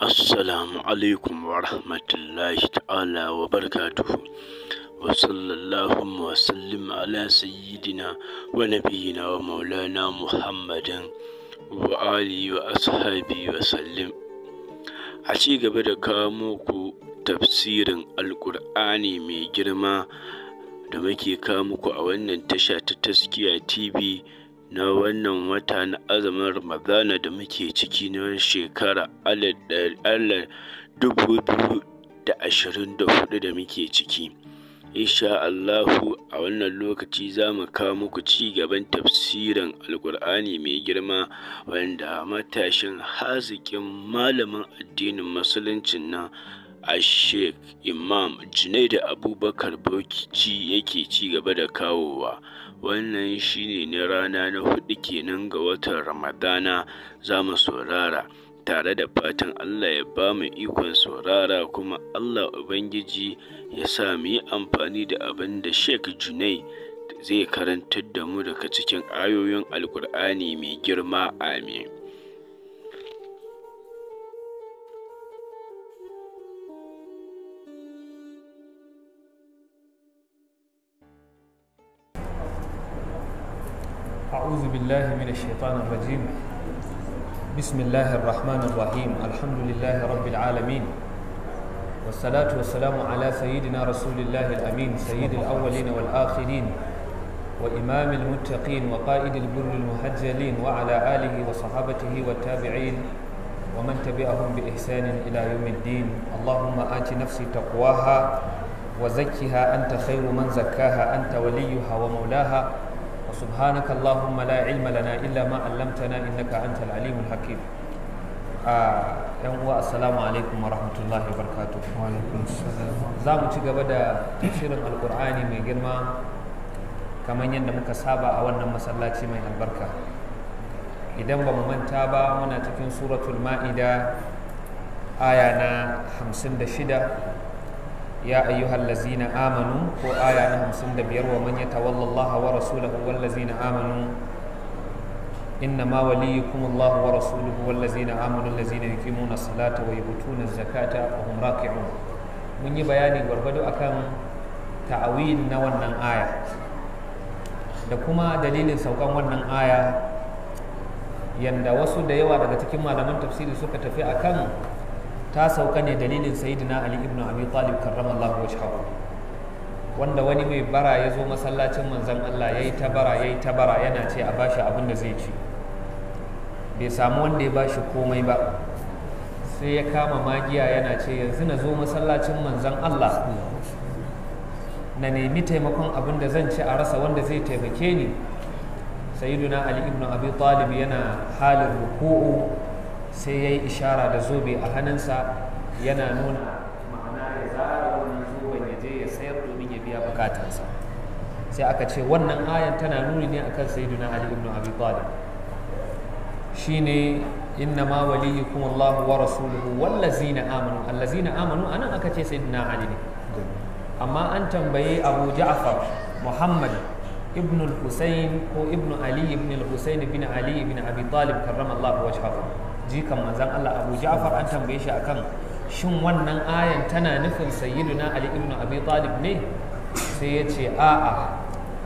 Assalamu alaikum wa rahmatullahi ta'ala wa barakatuhu. Wa sallallahu wa sallim ala sayyidina wa nabiyina wa maulana Muhammadin wa ali wa ashabi wa sallim. A ci gaba da kawo muku tafsirin alkur'ani mai girma da muke kawo muku a wannan tasha ta Taskiya TV na wannan wata na azumin Ramadana da muke ciki na shekara alal dubu biyu da ashirin da hudu da muke ciki. Insha Allahu a wannan lokaci za mu kawo muku ci gaban tafsirin alkur'ani mai girma wanda matashin hazikin malamin addinin Musuluncin nan Ashek Imam da Abubakar Bokici yake ci gaba da kawowa. wannan shi ne rana na hudu kenan ga watan ramadana za mu saurara tare da fatan Allah ya ba mu ikon saurara kuma Allah Ubangiji ya sa mu yi amfani da abin da Sheikh Junai zai karantar da mu daga cikin ayoyin Alkur'ani mai girma amin. أعوذ بالله من الشيطان الرجيم بسم الله الرحمن الرحيم الحمد لله رب العالمين والصلاة والسلام على سيدنا رسول الله الأمين سيد الأولين والآخرين وإمام المتقين وقائد البر المهجلين وعلى آله وصحابته والتابعين ومن تبعهم بإحسان إلى يوم الدين اللهم آت نفسي تقواها وزكها أنت خير من زكاها أنت وليها ومولاها وسبحانك اللهم لا علم لنا إلا ما علمتنا إنك أنت العليم الحكيم yan uwa assalamu alaikum wa rahmatullahi wa za mu ci gaba da shirin alkur'ani mai girma kamar yadda muka saba a wannan masallaci mai albarka idan ba mu manta ba muna cikin suratul ma'ida ayana hamsin da shida. يا أيها الذين آمنوا وآية أنهم سند بير ومن يتولى الله ورسوله والذين آمنوا إنما وليكم الله ورسوله والذين آمنوا الذين يقيمون الصلاة ويؤتون الزكاة وهم راكعون من يبياني غربدو أكم تعويل نوانا آية da kuma dalilin saukan wannan aya yanda wasu da yawa daga cikin malaman tafsiri suka tafi akan ta sauka ne dalilin sayidina ali ibn abi talib karramallahu wajhahu wanda wani mai bara ya zo masallacin manzon Allah yayi ta bara yayi ta bara yana ce a bashi abin da zai ci bai samu wanda ya bashi komai ba sai ya kama magiya yana ce yanzu na zo masallacin manzon Allah na nemi taimakon abin da zan ci a rasa wanda zai taimake ni sayyiduna ali ibn abi talib yana halin ruku'u sai ya yi ishara da zobe a hannunsa yana nuna ma'ana ya zara wani zoben ya je ya sayar domin ya biya bukatansa sai aka ce wannan ayan tana nuni ne akan sayyiduna ali ibn abi talib shine innama waliyukum Allahu wa rasuluhu wallazina amanu allazina amanu anan aka ce sayyidina ali ne amma an tambaye Abu Ja'far Muhammad ibn al-Husayn ko ibn Ali ibn al-Husayn bin Ali ibn Abi Talib karramallahu wajhahu jikan manzon Allah Abu Ja'far an tambaye shi akan shin wannan ayan tana nufin sayyiduna Ali ibn Abi Talib ne sai ya ce a'a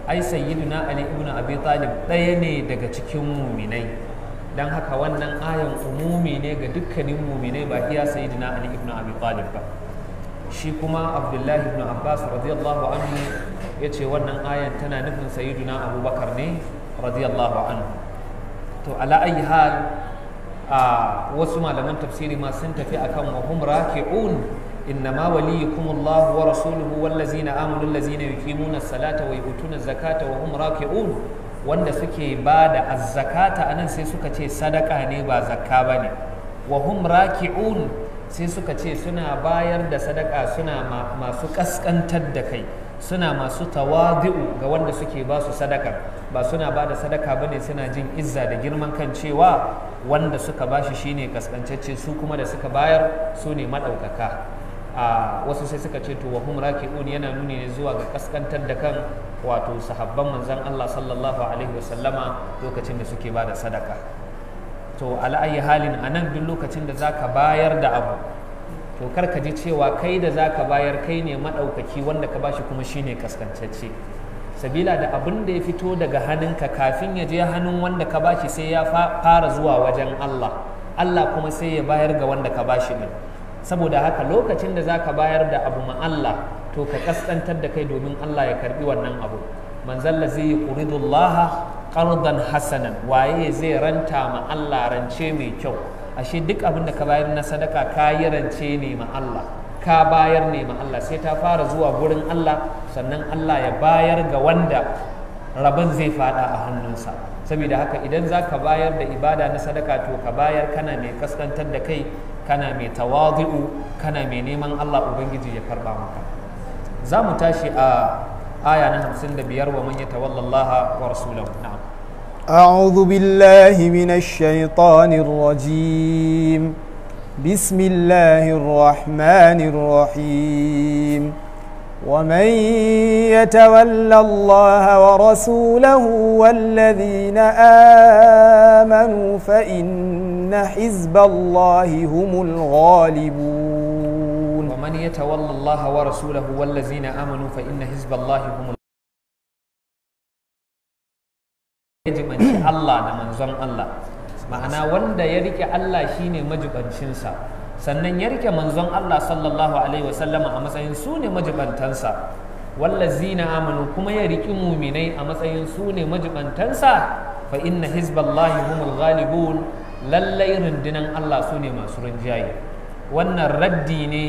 ai sayyiduna Ali ibn Abi Talib ɗaya ne daga cikin muminai dan haka wannan ayan umumi ne ga dukkanin muminai ba iya sayyiduna Ali ibn Abi Talib ba shi kuma Abdullahi ibn Abbas radiyallahu anhu ya wannan ayan tana nufin sayyiduna Abubakar ne radiyallahu anhu to ala ayyi hal wasu malaman tafsiri ma sun tafi akan wa hum raki'un إنما وليكم الله na والذين آمنوا salata يقيمون الصلاة zakata. الزكاة وهم raki'un wanda suke ba da azzakata anan sai suka ce sadaka ne ba zakka bane ne wa hum raki'un sai suka ce suna bayar da sadaka suna masu kaskantar da kai suna masu tawadu ga wanda suke ba su sadaka ba suna ba da sadaka bane suna jin izza da girman kan cewa wanda suka bashi shine kaskancacce su kuma da suka bayar su ne maɗaukaka a wasu sai suka ce to wa hum raki'un yana nuni ne zuwa ga kaskantar da kan wato sahabban manzon Allah sallallahu alaihi wasallama lokacin da suke ba da sadaka to ala halin anan duk lokacin da zaka bayar da abu to kar ka ji cewa kai da za ka bayar kai ne maɗaukaki wanda ka bashi kuma shi ne kaskantacce sabila da abin da ya fito daga hannunka kafin ya je hannun wanda ka bashi sai ya fara zuwa wajen Allah Allah kuma sai ya bayar ga wanda ka bashi ne saboda haka lokacin da za ka bayar da abu ma Allah to ka kaskantar da kai domin Allah ya karbi wannan abu manzalla zai yi quridullah qardan hasanan waye zai ranta ma Allah rance mai kyau ashe duk abin da ka bayar na sadaka ka yi rance ne ma Allah ka bayar ne ma Allah sai ta fara zuwa gurin Allah sannan Allah ya bayar ga wanda rabin zai fada a hannunsa saboda haka idan za ka bayar da ibada na sadaka to ka bayar kana mai kaskantar da kai kana mai tawazu'u kana mai neman Allah Ubangiji ya karba maka za mu tashi a aya na 55 wa man yatawalla Allah wa rasulahu na'am أعوذ بالله من الشيطان الرجيم بسم الله الرحمن الرحيم ومن يتولى الله ورسوله والذين آمنوا فإن حزب الله هم الغالبون ومن يتولى الله ورسوله والذين آمنوا فإن حزب الله هم الغالبون ya Allah da manzon Allah ma'ana wanda ya rike Allah shine majibancinsa sannan ya rike manzon Allah sallallahu alaihi a matsayin su ne majibantansa wallazina amanu kuma ya riki muminai a matsayin su ne majibantansa fa inna hizballahi humul ghalibun lallai rundunan Allah su ne masu rinjaye wannan raddi ne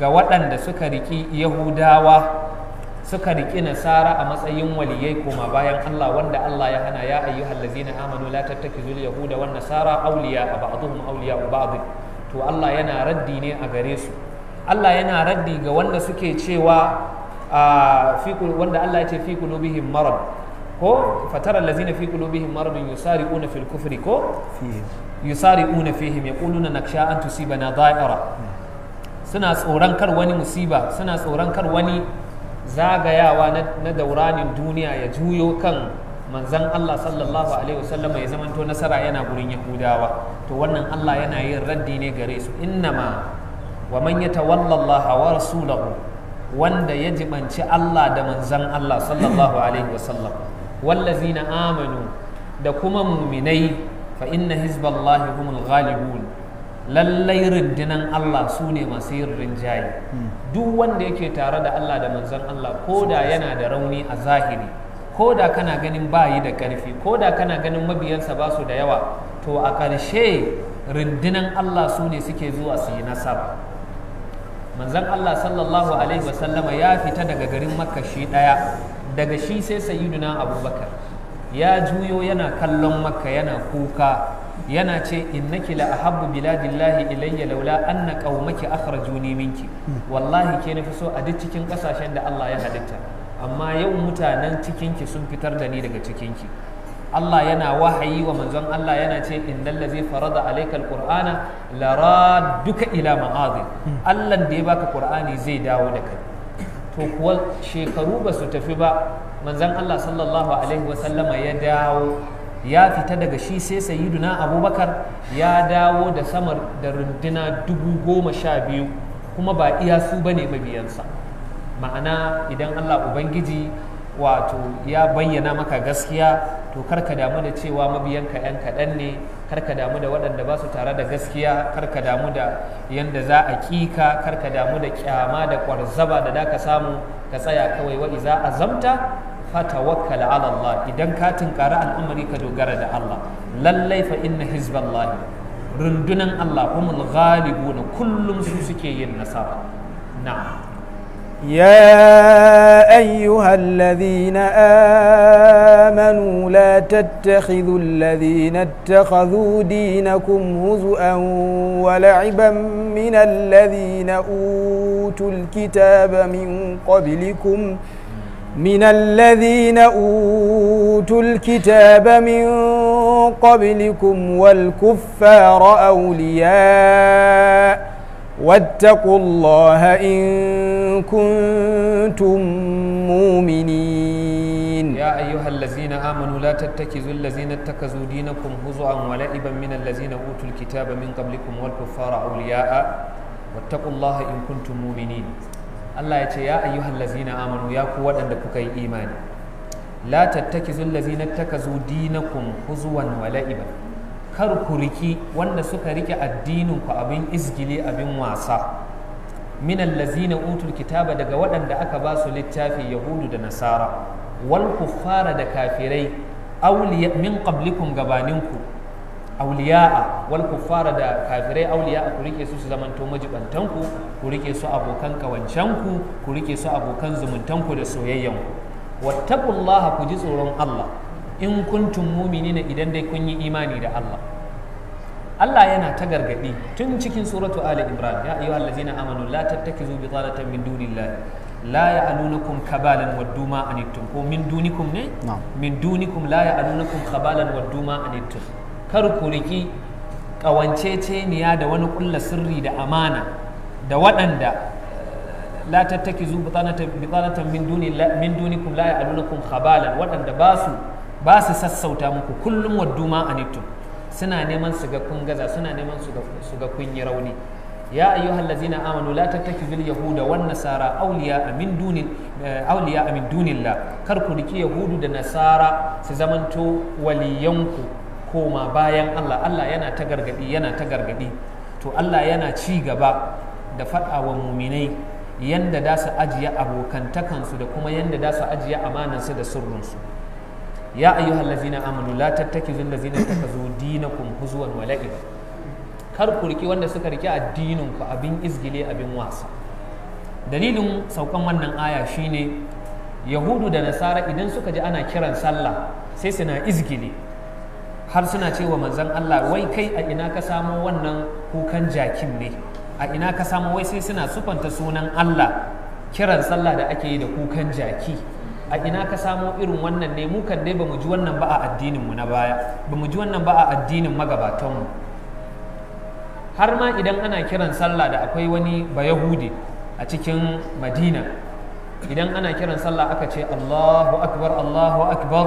ga waɗanda suka riki yahudawa suka riƙi nasara a matsayin waliyai koma bayan Allah wanda Allah ya hana ya ayyuhal ladzina amanu la tattakizul yahuda wan nasara awliya ba'dhum awliya ba'd to Allah yana raddi ne a gare su Allah yana raddi ga wanda suke cewa fi wanda Allah ya ce fi qulubihim marad ko fatara allazina fi qulubihim marad yusari'una fil kufri ko Fi yusari'una fihim yaquluna naksha an tusibana da'ira hmm. suna tsoron kar wani musiba suna tsoron kar wani zagayawa na dauranin duniya ya juyo kan manzan Allah sallallahu alaihi Wasallam ya zamanto nasara yana gurin yahudawa to wannan Allah yana yin raddi ne gare su innama wa man yatawalla wa rasulahu wanda ya jibanci Allah da manzan Allah sallallahu alaihi wasallam wallazina amanu da kuma muminai fa inna hizballahi humul ghalibun lallai rundunan Allah su ne masu yin rinjaye hmm. duk wanda yake tare da Allah da manzon Allah ko da yana da rauni a zahiri ko da kana ganin bayi da ƙarfi ko da kana ganin mabiyansa ba su da yawa to a ƙarshe rundunan Allah su ne suke zuwa su yi nasara manzon Allah sallallahu alaihi wasallama ya fita daga garin makka shi ɗaya daga shi sai sayyiduna abubakar ya juyo yana kallon makka yana kuka yana ce innaki la ahabbu biladillahi ilayya laula anna qaumaki akhrajuni minki wallahi ke nafi so a duk cikin kasashen da Allah ya halitta amma yau mutanen cikinki sun fitar da ni daga cikinki Allah yana wahayi wa manzon Allah yana ce innal ladzi farada alayka alqur'ana laradduka ila ma'adin Allah da ya baka qur'ani zai dawo da kai to kuwa shekaru ba su tafi ba manzon Allah sallallahu alaihi wa sallama ya dawo ya fita daga shi sai na abubakar ya dawo da samar da runduna dubu goma sha biyu kuma ba iya su ba ne mabiyansa ma'ana idan allah ubangiji wato ya bayyana maka gaskiya to karka damu da cewa mabiyanka 'yan kaɗan ne karka damu da waɗanda ba su tare da gaskiya karka damu da yadda za a kika karka damu da kyama da kwarzaba da da ka samu ka tsaya kawai wa'i za a zamta فتوكل على الله إذا كاتن قراء أمريكا دو دوغارة الله للي فإن حزب الله رندنا الله هم الغالبون كلهم سوسكي النصارى نعم يا أيها الذين آمنوا لا تتخذوا الذين اتخذوا دينكم هزؤا ولعبا من الذين أوتوا الكتاب من قبلكم من الذين أوتوا الكتاب من قبلكم والكفار أولياء واتقوا الله إن كنتم مؤمنين يا أيها الذين آمنوا لا تتكزوا الذين اتخذوا دينكم هزوا ولعبا من الذين أوتوا الكتاب من قبلكم والكفار أولياء واتقوا الله إن كنتم مؤمنين Allah ya ce ya ayyuhal lazina amanu ya ku waɗanda kuka yi imani la tattakizul lazina takazu dinakum huzuwan wa kar ku riki wanda suka rike addinin ku abin izgili abin wasa minal lazina utul kitaba daga waɗanda aka ba su littafi yahudu da nasara wal kuffara da kafirai awliya min qablikum gabaninku auliya'a wal kuffara da kafirai auliya'a ku rike su su zamanto majibantan ku ku rike su abokan kawancan ku rike su abokan zumuntan ku da ku wattaqullaha ku ji tsoron Allah in kuntum mu'minina idan dai kun yi imani da Allah Allah yana ta gargadi tun cikin suratu Ali Imran ya ayyuha allazina amanu la tattakizu bi talatan min dunillahi la ya'alunukum kabalan waddu anittum ko min dunikum ne min dunikum la ya'alunukum kabalan waddu anittum kar ku riki ƙawanceceniya da wani kulla sirri da amana da waɗanda la tattaki zu bitanatan min dunikum la ya'lunukum khabalan waɗanda ba su ba su sassauta muku kullum wadduma anittum suna neman su ga kun gaza suna neman su ga kun yi rauni ya ayyuhal amanu la tattakizul yahuda wan nasara awliya min dunin awliya min dunillah kar ku riki yahudu da nasara su zamanto waliyanku koma bayan Allah Allah yana ta gargadi yana ta gargadi to Allah yana ci gaba da faɗa wa muminai yanda da su ajiye abokantakansu da kuma yanda da su ajiye amanansu da sirrinsu ya ayyuhal ladzina amanu la tattakizul ladzina takazu dinakum huzwan wa la'iba kar ku riki wanda suka riki addinin ku abin izgile abin wasa dalilin saukan wannan aya shine yahudu da nasara idan suka ji ana kiran sallah sai suna izgile har suna cewa manzan Allah wai kai a ina ka samo wannan kukan jakin ne a ina ka samo wai sai suna sufanta sunan Allah kiran sallah da ake yi da kukan jaki a ina ka samo irin wannan ne mu kan ba bamu ji wannan ba a addinin mu na baya bamu ji wannan ba a addinin magabatan mu har ma idan ana kiran sallah da akwai wani bayahudi a cikin madina idan ana kiran sallah aka ce allahu akbar allahu akbar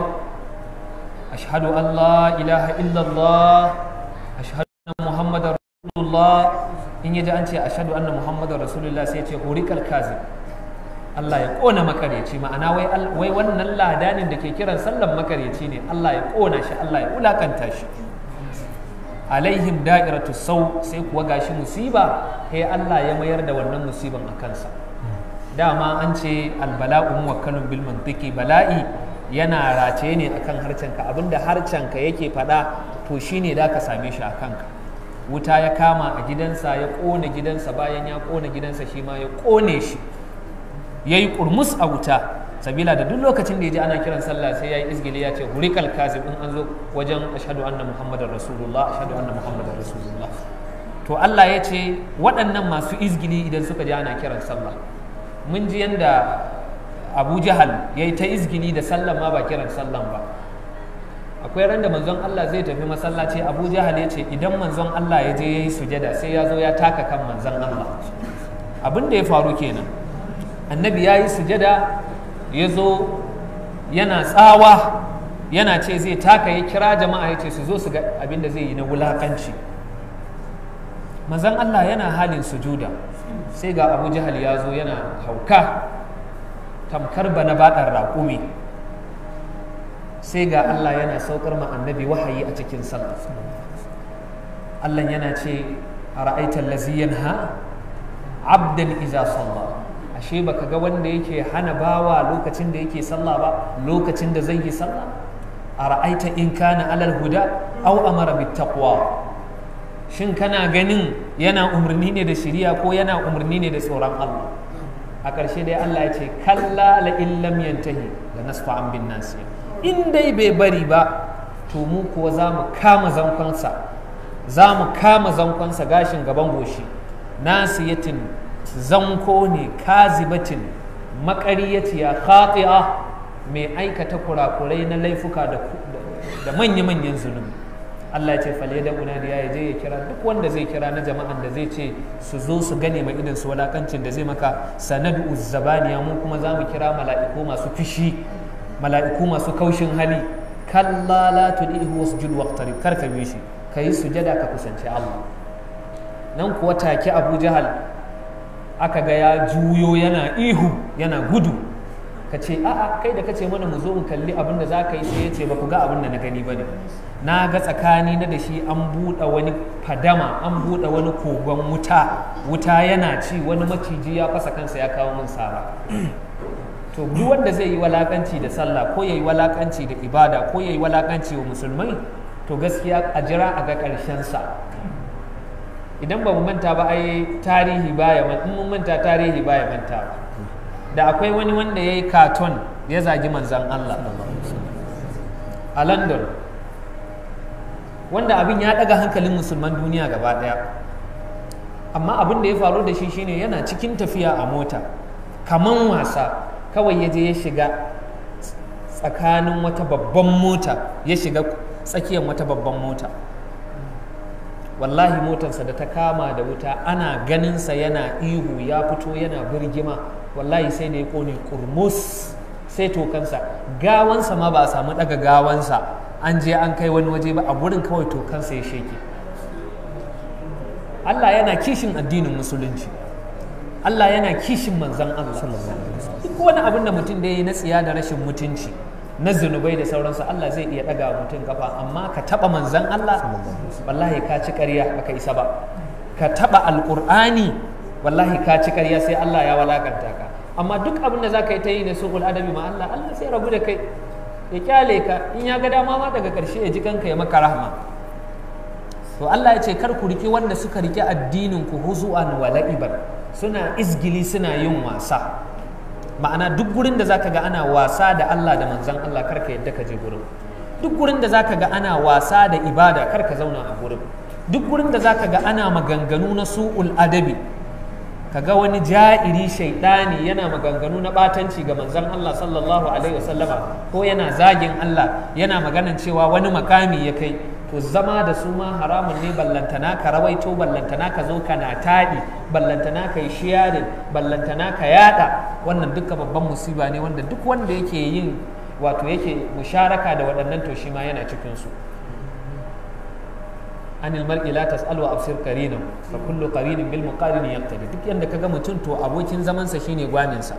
أشهد أن لا إله إلا الله أشهد أن محمد رسول الله إن يجي أنت أشهد أن محمد رسول الله الكاذب Allah ya ƙona makaryaci ma'ana wai wannan ladanin da ke kiran sallan makaryaci ne Allah ya ƙona shi Allah ya wulakanta shi alaihim da'iratu sau sai kuwa gashi musiba sai Allah ya mayar da wannan musiban a kansa dama an ce albala'u muwakkalun bala'i yana race ne akan harcenka abinda harcenka yake faɗa to shine za ka same shi a kanka wuta ya kama a gidansa ya ƙone gidansa bayan ya ƙone gidansa shi ma ya kone shi ya yi ƙurmus a wuta sabila da duk lokacin da ya ji ana kiran sallah sai ya yi izgili ya ce hurikal kazi in an zo wajen ashadu anna muhammadar rasulullah ashadu anna muhammadar rasulullah to Allah ya ce waɗannan masu izgili idan suka ji ana kiran sallah mun ji yanda abu jahal ya yi ta izgini da sallan ma ba kiran sallan ba akwai ran da manzon Allah zai tafi masallaci abu jahal ya ce idan manzon Allah ya je ya yi sujada sai ya zo ya taka kan manzon Allah abin da ya faru kenan annabi ya yi sujada ya zo yana tsawa yana ce zai taka ya kira jama'a ya ce su zo su ga abin da zai yi na wulakanci manzon Allah yana halin sujuda sai ga abu jahal ya zo yana hauka tamkar bana baɗar raƙumi sai ga Allah yana saukar ma annabi wahayi a cikin sallah Allah yana ce a ra'aitar laziyan ha abdan iza sallah ashe baka ga wanda yake hana bawa lokacin da yake sallah ba lokacin da zai yi sallah a ra'aita in kana alal huda au amara bittaqwa shin kana ganin yana umarni ne da shiriya ko yana umarni ne da tsoron Allah a ƙarshe dai Allah ya ce kalla la illam yantahi la nasfa an bin nasi in dai bai bari ba to mu kuwa za mu kama zankonsa za mu kama zankonsa gashin gaban goshi nasiyatin zanko ne kazibatin maƙaryaciya khati'a mai aikata kurakurai na laifuka da manya-manyan zunubi Allah ya ce fale da munadiya ya je ya kira duk wanda zai kira na jama'an da zai ce su zo su gane mai idan su walakancin da zai maka sanadu uzzabaniya mu kuma za mu kira mala'iku masu fishi mala'iku masu kaushin hali kalla la tudihu wasjud waqtari kar ka shi kai sujada ka kusance Allah nan kuwa take Abu Jahal aka ga ya juyo yana ihu yana gudu ka ce a'a kai da ka ce mana mu zo mu kalli abin da za ka yi sai ya ce ba ku ga abin da na gani ba ne na ga tsakani na da shi an buɗe wani fadama an buɗe wani kogon wuta wuta yana ci wani maciji ya fasa kansa ya kawo min sara to duk wanda zai yi walakanci da sallah ko yayi walakanci da ibada ko yayi walakanci wa musulmai to gaskiya a jira a ga ƙarshen sa idan ba mu manta ba ai tarihi baya in mun manta tarihi baya manta ba da akwai wani wanda ya yi katon ya zagi manzan Allah a london wanda abin ya daga hankalin musulman duniya gaba daya amma abin da ya faru da shi shine yana cikin tafiya a mota kaman wasa kawai ya je ya shiga tsakanin wata babban mota ya shiga tsakiyar wata babban mota wallahi motarsa da ta kama da wuta ana ganinsa yana ihu ya fito yana birgima wallahi sai da ya kone kurmus sai tokansa gawansa ma ba a samu daga gawansa an je an kai wani waje ba a gurin kawai tokansa ya sheke Allah yana kishin addinin musulunci Allah yana kishin manzan Allah duk wani abin da mutum da ya yi na tsiya da rashin mutunci na zunubai da sauransu Allah zai iya daga mutum kafa amma ka taba manzan Allah wallahi ka ci ƙarya baka isa ba ka taba Alkur'ani, wallahi ka ci ƙarya sai Allah ya walakanta ka amma duk abin da za ka yi ta yi na suƙul adabi ma Allah Allah sai rabu da kai ya kyale ka in ya ga dama ma daga ƙarshe ya ji kanka ya maka rahama to Allah ya ce kar ku riki wanda suka riki addinin ku huzu'an wa la'ibar suna izgili suna yin wasa ma'ana duk gurin da zaka ga ana wasa da Allah da manzon Allah kar ka yadda ka je gurin duk gurin da zaka ga ana wasa da ibada kar ka zauna a gurin duk gurin da zaka ga ana maganganu na su'ul adabi ka ga wani ja'iri shaiɗani yana maganganu na batanci ga manzon Allah sallallahu alaihi wasallama ko yana zagin Allah yana maganan cewa wani makami ya kai to zama da su ma haramun ne ballantana ka rawaito ballantana ka zo kana taɗi ballantana ka yi shiyarin ballantana ka yada wannan duka babban musiba ne wanda duk wanda yake yin wato yake musharaka da waɗannan to shi ma yana cikinsu ila mar'i la tas'al wa absir qarina fa kullu qarinin bil muqarini da duk yadda kaga mutum to abokin zamansa shine gwanin sa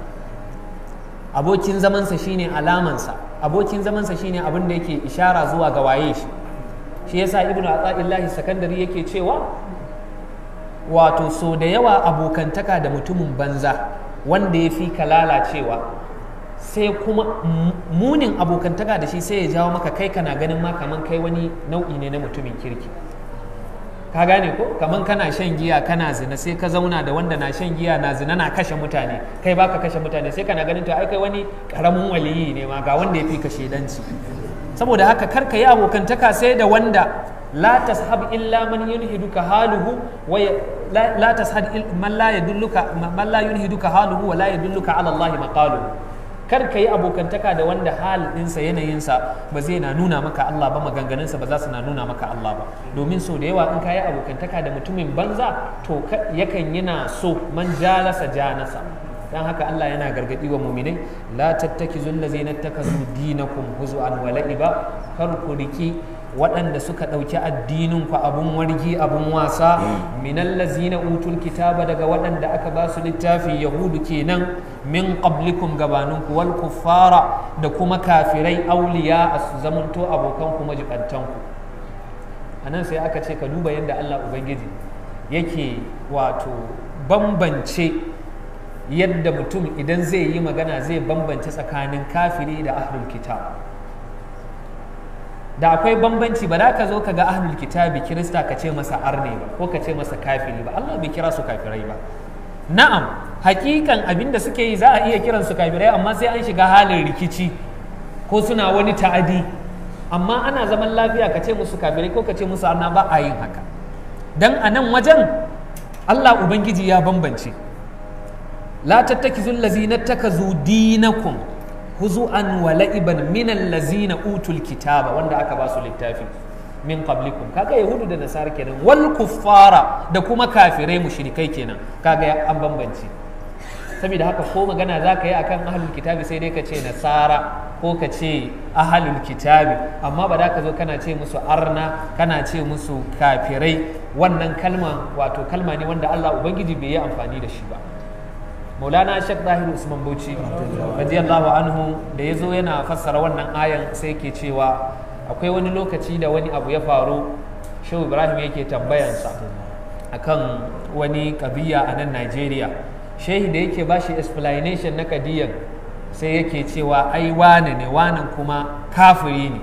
abokin zamansa shine alaman abokin zamansa shine abin da yake ishara zuwa ga waye shi shi yasa ibnu ata'illahi sakandari yake cewa wato so da yawa abokantaka da mutumin banza wanda ya fi ka lalacewa sai kuma munin abokantaka da shi sai ya jawo maka kai kana ganin ma kaman kai wani nau'i ne na mutumin kirki ka gane ko kaman kana shan giya kana zina sai ka zauna da wanda na shan giya na zina na kashe mutane kai baka kashe mutane sai kana ganin to ai kai wani karamin waliyi ne ma ga wanda ya fi ka shedanci saboda haka kar ka yi abokantaka sai da wanda la tashab illa man yunhiduka haluhu wa la tashad man la yadulluka man la yunhiduka haluhu wa la yadulluka ala Allah maqaluhu kar ka yi abokantaka da wanda halinsa yanayinsa ba zai na nuna maka Allah ba maganganunsa ba za su na nuna maka Allah ba domin sau da yawa in ka yi abokantaka da mutumin banza to yakan yana so man jalasa janasa dan haka Allah yana gargadi wa muminai la zulla allazina takazu dinakum huzu'an wa ba kar ku riki waɗanda suka ɗauki addinin ku abun wargi abun wasa hmm. minal lazina utul kitaba daga waɗanda aka ba su littafi yahudu kenan min qablikum gabanin ku wal kuffara da kuma kafirai auliya su zamanto abokan ku majibantan ku anan sai aka ce ka duba yadda Allah ubangiji yake wato bambance yadda mutum idan zai yi magana zai bambance tsakanin kafiri da ahlul kitab da akwai bambanci ba za ka zo ka ga ahlul kitabi kirista ka ce masa arne ba ko ka ce masa kafiri ba Allah bai kira su kafirai ba na'am hakikan abin da suke yi za a iya kiransu su kafirai amma sai an shiga halin rikici ko suna wani ta'adi amma ana zaman lafiya ka ce musu kafirai ko ka ce musu arna ba a yin haka dan a nan wajen Allah ubangiji ya bambance la tattakizul lazina takazu dinakum huzu'an wa la'iban min allazina utul kitaba wanda aka ba su littafi min qablikum kaga yahudu da nasara kenan wal kuffara da kuma kafirai mu mushrikai kenan kaga an bambanci saboda haka ko magana za ka yi akan ahalin kitabi sai dai ka ce nasara ko ka ce ahalul kitabi amma ba da ka zo kana ce musu arna kana ce musu kafirai wannan kalma wato kalma ne wanda Allah ubangiji bai yi amfani da shi ba maulana shek ɗahir usman bauchi radiyallahu anhu da ya zo yana fassara wannan ayan sai ke cewa akwai wani lokaci da wani abu ya faru shehu ibrahim yake sa akan wani kabiya a nan nigeria shehi da yake bashi explanation na kadiyan sai yake cewa ai wani ne wani kuma kafiri ne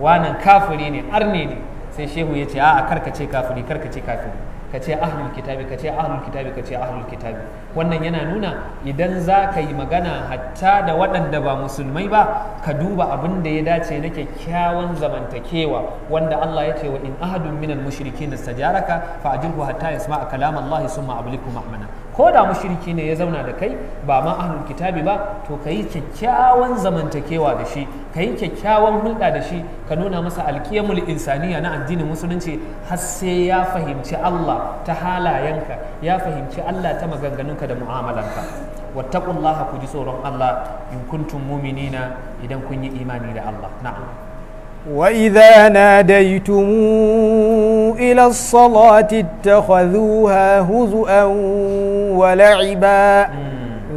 wani kafiri ne arne ne sai shehu ya ce a'a karkace kafiri karkace kafiri ka ce ahlul kitabi ka ce ahlul kitabi ka ce ahlul kitabi wannan yana nuna idan za ka yi magana hatta da waɗanda ba musulmai ba ka duba abin da ya dace na kyakkyawan zamantakewa wanda Allah ya ce wa in ahadun minal mushrikin istajaraka fa ajirhu hatta yasma'a kalam Allah summa ablighu ma'mana ko da mushriki ne ya zauna da kai ba ma ahlul kitabi ba to ka yi kyakkyawan zamantakewa da shi ka yi kyakkyawan hulɗa da shi ka nuna masa alkiyamul insaniya na addinin musulunci har sai ya fahimci Allah ta halayenka ya fahimci Allah ta maganganunka da mu'amalanka wattaqullaha ku ji tsoron Allah in kuntum mu'minina idan kun yi imani da Allah na'am وإذا ناديتم إلى الصلاة اتخذوها هزؤا ولعبا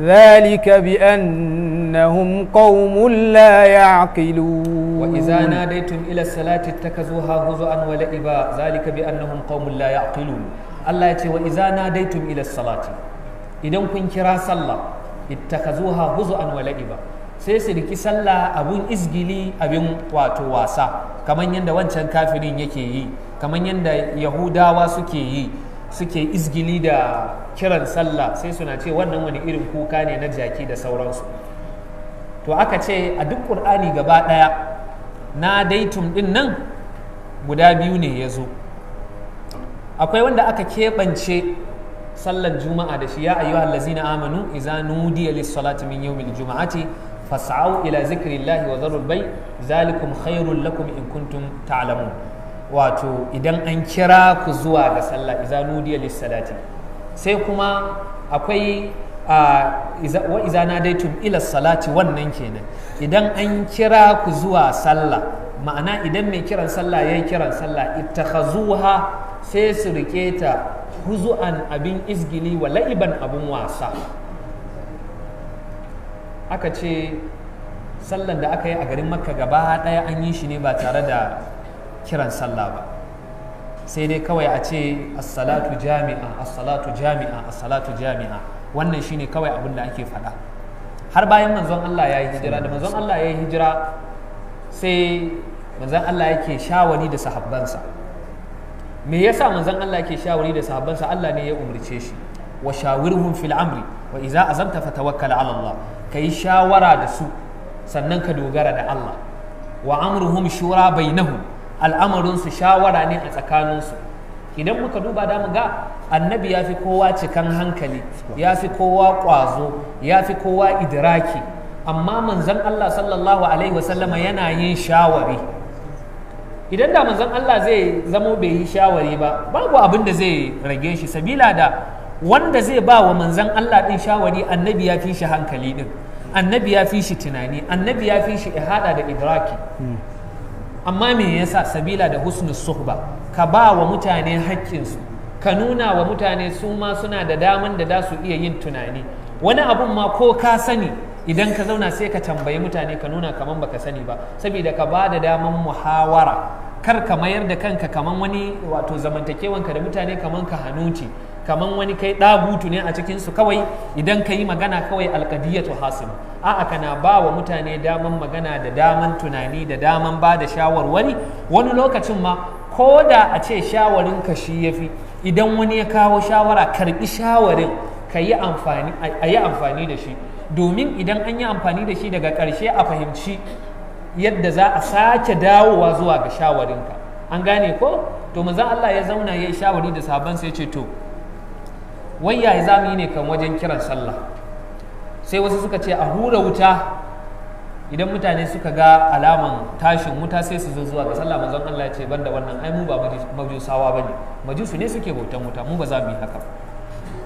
ذلك بأنهم قوم لا يعقلون وإذا ناديتم إلى الصلاة اتخذوها هزؤا ولعبا ذلك بأنهم قوم لا يعقلون الله يتي وإذا ناديتم إلى الصلاة إذا كن كرا صلى اتخذوها هزؤا ولعبا sai su riki sallah abun izgili abin wato wasa kamar yadda wancan kafirin yake yi kamar yadda yahudawa suke yi suke izgili da kiran sallah sai suna ce wannan wani irin kuka ne na jaki da sauransu to aka ce a duk ƙur'ani gaba ɗaya na daitum ɗin nan guda biyu ne ya zo akwai wanda aka keɓance sallan juma'a da shi ya ayyuhallazina amanu idza nudiya lis-salati min yawmil juma'ati fasa'au ila zikrillahi wa dharul bai zalikum khairul lakum in kuntum ta'lamun wato idan an kira ku zuwa ga sallah idza nudiya lis salati sai kuma akwai wa idza nadaitum ila salati wannan kenan idan an kira ku zuwa sallah ma'ana idan mai kiran sallah ya yi kiran sallah ittakhazuha sai su rike ta huzu'an abin izgili wa la'iban abin wasa aka ce sallan da aka yi a garin makka gaba ɗaya an yi shi ne ba tare da kiran sallah ba sai dai kawai a ce assalatu jami'a assalatu jami'a assalatu jami'a wannan shine kawai abin da ake faɗa har bayan manzon Allah ya yi hijira da manzon Allah ya yi hijira sai manzon Allah yake shawari da sahabbansa me yasa manzon Allah yake shawari da sahabbansa Allah ne ya umarce shi wa shawirhum fil amri wa idza azamta fatawakkal ala Allah kai shawara da su sannan ka dogara da Allah wa amruhum shura bainahum al'amarin su shawara ne a tsakanin su idan muka duba da ga annabi ya fi kowa cikan hankali ya fi kowa kwazo ya fi kowa idraki amma manzon Allah sallallahu alaihi wasallama yana yin shawari idan da manzon Allah zai zamo bai yi shawari ba babu abin da zai rage shi sabila da wanda zai ba wa manzan Allah ɗin shawari annabi ya fi shi hankali ɗin annabi ya fi shi tunani annabi ya fi shi ihada da idraki amma me yasa sabila da husnus suhba ka ba wa mutane haƙƙinsu ka nuna wa mutane su ma suna da daman da za su iya yin tunani wani abun ma ko ka sani idan ka zauna sai ka tambayi mutane ka nuna kaman baka sani ba saboda ka ba da daman muhawara kar ka mayar da kanka kaman wani wato zamantakewanka da mutane kaman ka hanuti kamar wani kai ɗab'utu ne a cikin su kawai idan ka yi magana kawai alkadiyatu hasim a'a kana ba wa mutane daman magana da daman tunani da daman ba da shawarwari wani lokacin ma ko da a ce shawarin ka shi ya fi idan wani ya kawo shawara karbi shawarin ka yi amfani a yi amfani da shi domin idan an yi amfani da shi daga karshe a fahimci yadda za a sake dawowa zuwa ga shawarinka an gane ko to manzon Allah ya zauna ya yi shawari da sabon sai ce to wai yaya za mu yi ne kan wajen kiran sallah sai wasu suka ce a hura wuta idan mutane suka ga alaman tashin wuta sai su zo zuwa ga sallah manzon Allah ya ce banda wannan ai mu ba majusawa bane majusu ne suke bautan wuta mu ba za mu yi haka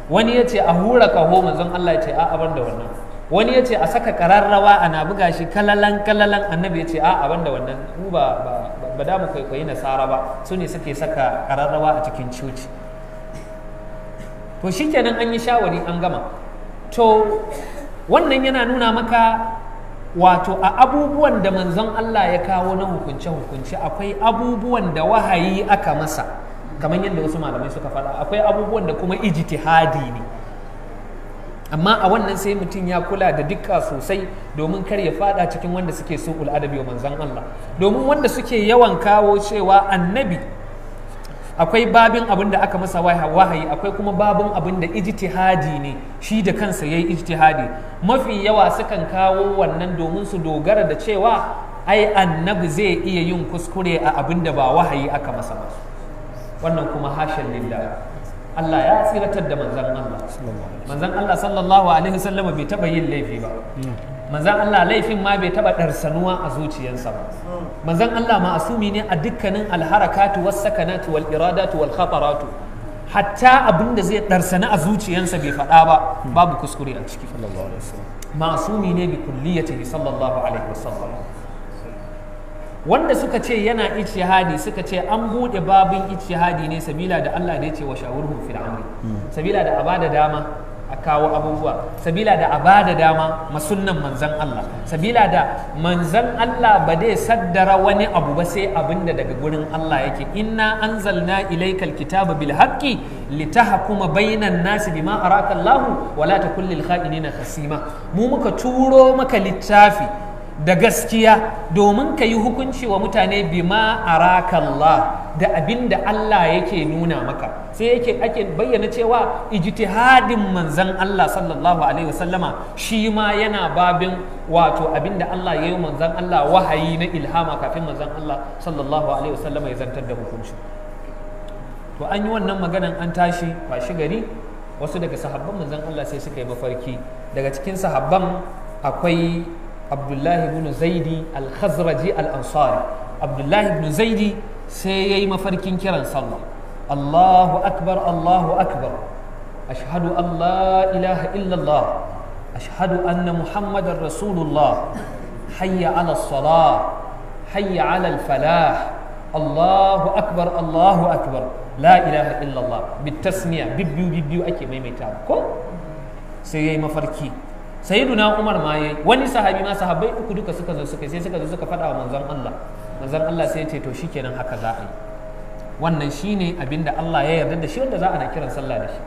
wani ya ce a hura kaho manzon Allah ya ce a'a banda wannan wani ya ce a saka kararrawa ana buga shi kalalan kalalan annabi ya ce a'a banda wannan mu ba ba da mu kwaikwayi nasara ba su ne suke saka kararrawa a cikin coci to shikenan an yi shawari an gama to wannan yana nuna maka wato a abubuwan da manzon Allah ya kawo na hukunce-hukunce akwai abubuwan da wahayi aka masa kamar yadda wasu malamai suka faɗa akwai abubuwan da kuma ijtihadi ne amma a wannan sai mutum ya kula da dukka sosai domin kar ya fada cikin wanda suke so adabi wa manzon Allah domin wanda suke yawan kawo cewa annabi akwai babin abin da aka masa wahayi akwai kuma babin abin da ijtihadi ne shi da kansa yayi ijtihadi mafi yawa sukan kawo wannan domin su dogara da cewa ai annabi zai iya yin kuskure a abin da ba wahayi aka masa ba wannan kuma hashin lillah Allah ya tsiratar da manzon Allah manzon Allah sallallahu alaihi wasallam bai taba yin laifi ba hmm. manzan Allah laifin ma bai taba ɗarsanuwa a zuciyarsa ba manzan Allah ma'asumi ne a dukkanin alharakatu was sakanatu wal iradatu wal khataratu hatta abin da zai ɗarsani a zuciyarsa bai faɗa ba babu kuskure a ciki ma'asumi ne bi kulliyatihi sallallahu alaihi wasallam wanda suka ce yana ijtihadi suka ce an buɗe babin ijtihadi ne sabila da Allah ne ce wa shawurhum fil amri hmm. sabila da abada dama kawo abubuwa sabila da a bada dama masunnan manzan Allah sabila da manzan Allah ba dai saddara wani abu ba sai abin da daga gurin Allah yake inna anzalna ilaikal kitaba bil haqqi litahkuma bainan nasi bima araka Allah wala takun lil kha'inina khasima mu muka turo maka littafi da gaskiya domin ka yi hukunci wa mutane bima arakallah da abin da Allah yake nuna maka sai yake ake bayyana cewa ijtihadin manzan Allah sallallahu alaihi wasallama shi ma yana babin wato abin da Allah ya yi manzan Allah wahayi na ilhama kafin manzan Allah sallallahu alaihi wasallama ya zantar da hukunci to an yi wannan maganan an tashi ba shi gari wasu daga sahabban manzan Allah sai suka yi mafarki daga cikin sahabban akwai abdullahi ibn zaidi al-khazraji al-ansari abdullahi ibn zaidi sai ya yi mafarkin kiran sallah allahu akbar allahu akbar ashhadu an la ilaha illallah ashhadu anna muhammadar rasulullah hayya ala salah hayya ala falah allahu akbar allahu akbar la ilaha illallah bitasmiya bibbiyu bibbiyu ake maimaita ko sai ya yi mafarki sayyiduna umar ma yayi wani sahabi ma sahabbai uku duka suka zo suka sai suka zo suka faɗa wa manzon Allah manzon Allah sai ya ce to shikenan haka za a yi wannan shine da Allah ya yarda da shi wanda za a na kiran sallah da shi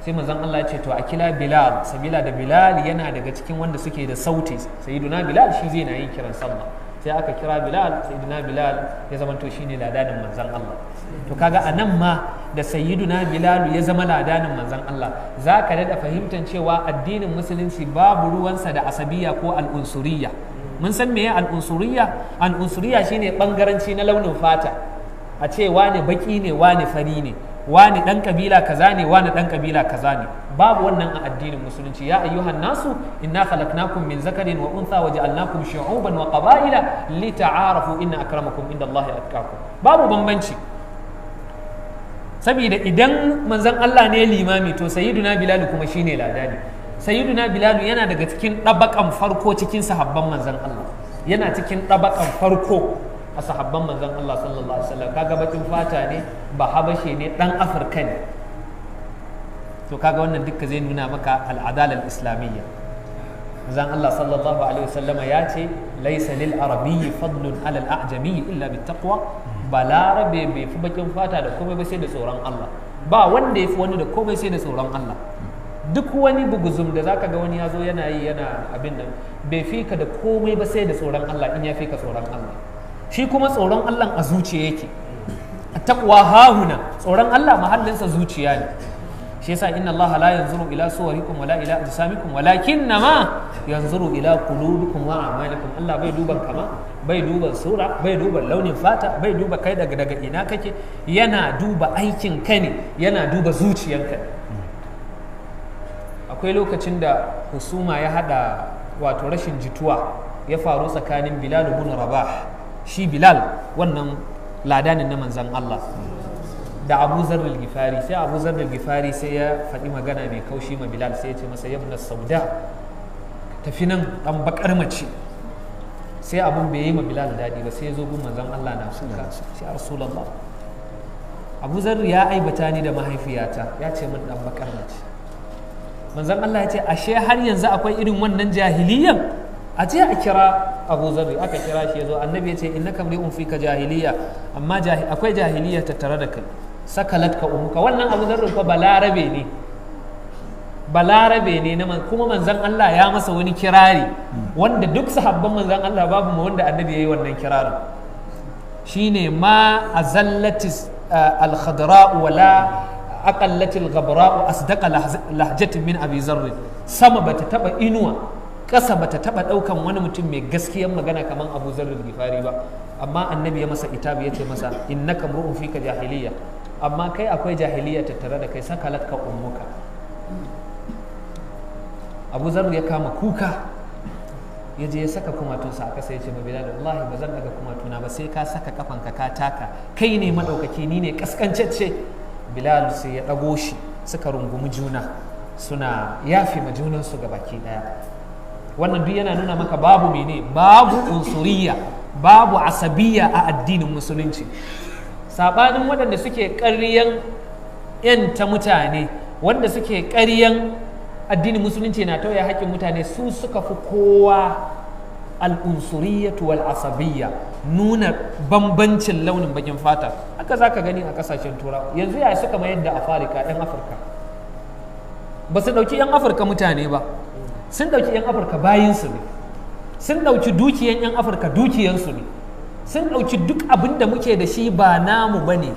sai manzon Allah ya ce to a Bilal sabila da Bilal yana daga cikin wanda suke da sauti sayyiduna Bilal shi zai na yin kiran sallah sai aka kira bilal sayyidina bilal ya zama to shine ladanin manzon Allah to kaga a nan ma da sayyiduna bilal ya zama ladanin manzon Allah za ka daɗa fahimtar cewa addinin musulunci babu ruwansa da asabiya ko al'unsuriya mun san meye al'unsuriya al'unsuriya shine bangaranci na launin fata a ce wane baki ne wane fari ne wani dan kabila kaza ne wani dan kabila kaza ne babu wannan a addinin musulunci ya ayyuhan nasu inna khalaqnakum min zakarin wa untha wa shu'uban wa qaba'ila lita'arafu inna akramakum atqakum babu bambanci saboda idan manzon Allah ne limami to sayyiduna bilal kuma shine ladani sayyiduna bilal yana daga cikin dabakan farko cikin sahabban manzon Allah yana cikin dabakan farko a sahabban manzon Allah sallallahu alaihi wasallam kaga bakin fata ne ba habashe ne dan afirka ne to kaga wannan duka zai nuna maka al'adala islamiyya manzon Allah sallallahu alaihi wasallam ya ce laysa lil arabiyyi fadlun ala al a'jami illa bit taqwa ba larabe bai fi bakin fata da komai ba sai da tsoron Allah ba wanda ya fi wani da komai sai da tsoron Allah duk wani buguzum da zaka ga wani ya zo yana yi yana abin nan bai fi ka da komai ba sai da tsoron Allah in ya fi ka tsoron Allah shi kuma tsoron Allah a zuciya yake takwa hahuna tsoron Allah mahallinsa zuciya ne shi yasa inna Allah la yanzuru ila suwarikum wala ila ajsamikum walakin ma yanzuru ila qulubikum wa a'malikum Allah bai duban kama bai duban sura bai duban launin fata bai duba kai daga daga ina kake yana duba aikin ka ne yana duba zuciyanka akwai lokacin da husuma ya hada wato rashin jituwa ya faru tsakanin Bilal ibn Rabah shi bilal wannan ladanin na manzan Allah da abu zarrul gifari sai abu zarrul gifari sai ya faɗi magana mai kaushi ma bilal sai ya ce masa yabna sauda tafi nan ɗan bakar mace sai abun bai yi ma bilal daɗi ba sai ya zo gun manzan Allah na suka sai rasulullah abu Zarri ya aibata ni da mahaifiyata ya ce min ɗan bakar mace manzan Allah ya ce ashe har yanzu akwai irin wannan jahiliyan a je a kira abu zarri aka kira shi ya zo annabi ya ce innaka mri'un fika jahiliya amma akwai jahiliya tare da kai sakalat ka umuka wannan abu zarrin fa balarabe ne balarabe ne kuma manzan Allah ya masa wani kirari wanda duk sahabban manzan Allah babu ma wanda annabi ya yi wannan kirarin shine ma azallatis eh, al-khadra'u wala aqallatil ghabra'u asdaqa lahjatin min abi zarr sama bata taba inuwa ƙasa bata taɓa ɗaukan wani mutum mai gaskiyar magana kamar abu zarar gifari ba amma annabi ya masa itab ya ce masa innaka ofi ka jahiliya amma kai akwai jahiliya tattare da kai saka ka ummuka abu zarar ya kama kuka ya je ya saka kumatunsa a ƙasa ya ce mabila da wallahi ba zan daga kumatuna ba sai ka saka kafanka ka taka kai ne maɗaukaki ni ne ƙasƙancacce bilal sai ya ɗago shi suka rungumi juna suna yafe ma junansu ga baki ɗaya wannan duk yana nuna maka babu mene babu unsuriya babu asabiya a addinin musulunci sabanin waɗanda suke ƙaryan ta mutane wanda suke ƙaryan addinin musulunci na tauye haƙƙin mutane su suka fi kowa al'unsuriyatu wal asabiyya nuna bambancin launin bakin fata haka za ka gani a kasashen turawa yanzu ya suka mayar da afirka 'yan afirka ba su ɗauki 'yan afirka mutane ba sun ɗauki 'yan afirka su ne sun ɗauki dukiyan 'yan afirka dukiyansu ne sun ɗauki duk abin da muke da shi ba namu ba ne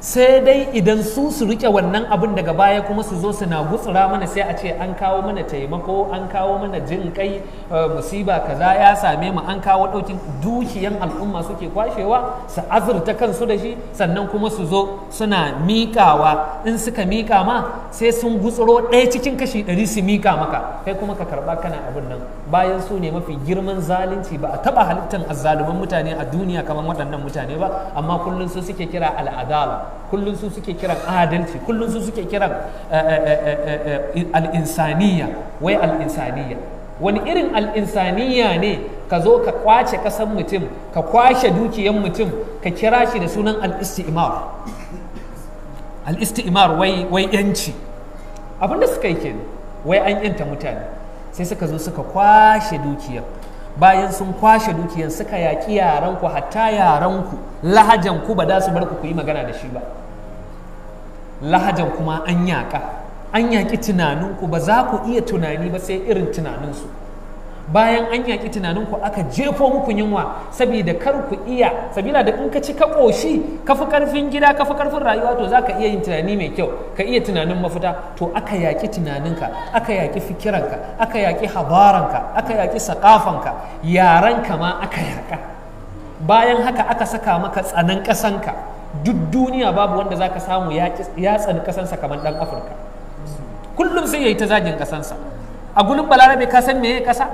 sai dai idan su su rike wannan abin daga baya kuma su zo suna gutsura mana sai a ce an kawo mana taimako an kawo mana jin kai eh, musiba kaza ya same mu an kawo ɗaukin dukiyan al'umma suke kwashewa su azurta kansu da shi sannan kuma su zo suna miƙawa in suka miƙa ma sai sun gutsuro ɗaya cikin kashi ɗari su miƙa maka kai kuma ka karɓa kana abin nan bayan su ne mafi girman zalunci ba a taba halittar azzaluman mutane a duniya kamar waɗannan mutane ba amma kullum su suke kira al'adala kullum su suke kiran adalci kullum su suke kiran eh, eh, eh, al'insaniya wai al'insaniya wani irin al'insaniya ne ka zo ka kwace kasan mutum ka kwashe dukiyan mutum ka kira shi da sunan al'istimar al'istimar wai yanci abinda suka yi kenan wai an yanta mutane sai suka zo suka kwashe dukiyar bayan sun kwashe dukiyar suka yaƙi yaranku hatta yaranku ku ba za su bar ku yi magana da shi ba lahajan kuma an yaƙa an yaƙi tunaninku ba za ku iya tunani ba sai irin tunaninsu bayan an yaƙi tunaninku aka jefo muku yunwa saboda kar ku iya sabila da in ka ci ka ƙoshi ka fi ƙarfin gida ka fi ƙarfin rayuwa to za iya yin tunani mai kyau ka iya tunanin mafita to aka yaƙi tunaninka aka yaƙi fikiranka aka yaƙi habaranka aka yaƙi saƙafanka yaranka ma aka yaƙa bayan haka aka saka maka tsanan ƙasanka duk duniya babu wanda zaka ka samu ya tsani ƙasansa kamar ɗan afirka kullum sai ya yi ta zagin ƙasansa a gudun balarabe ka san meye kasa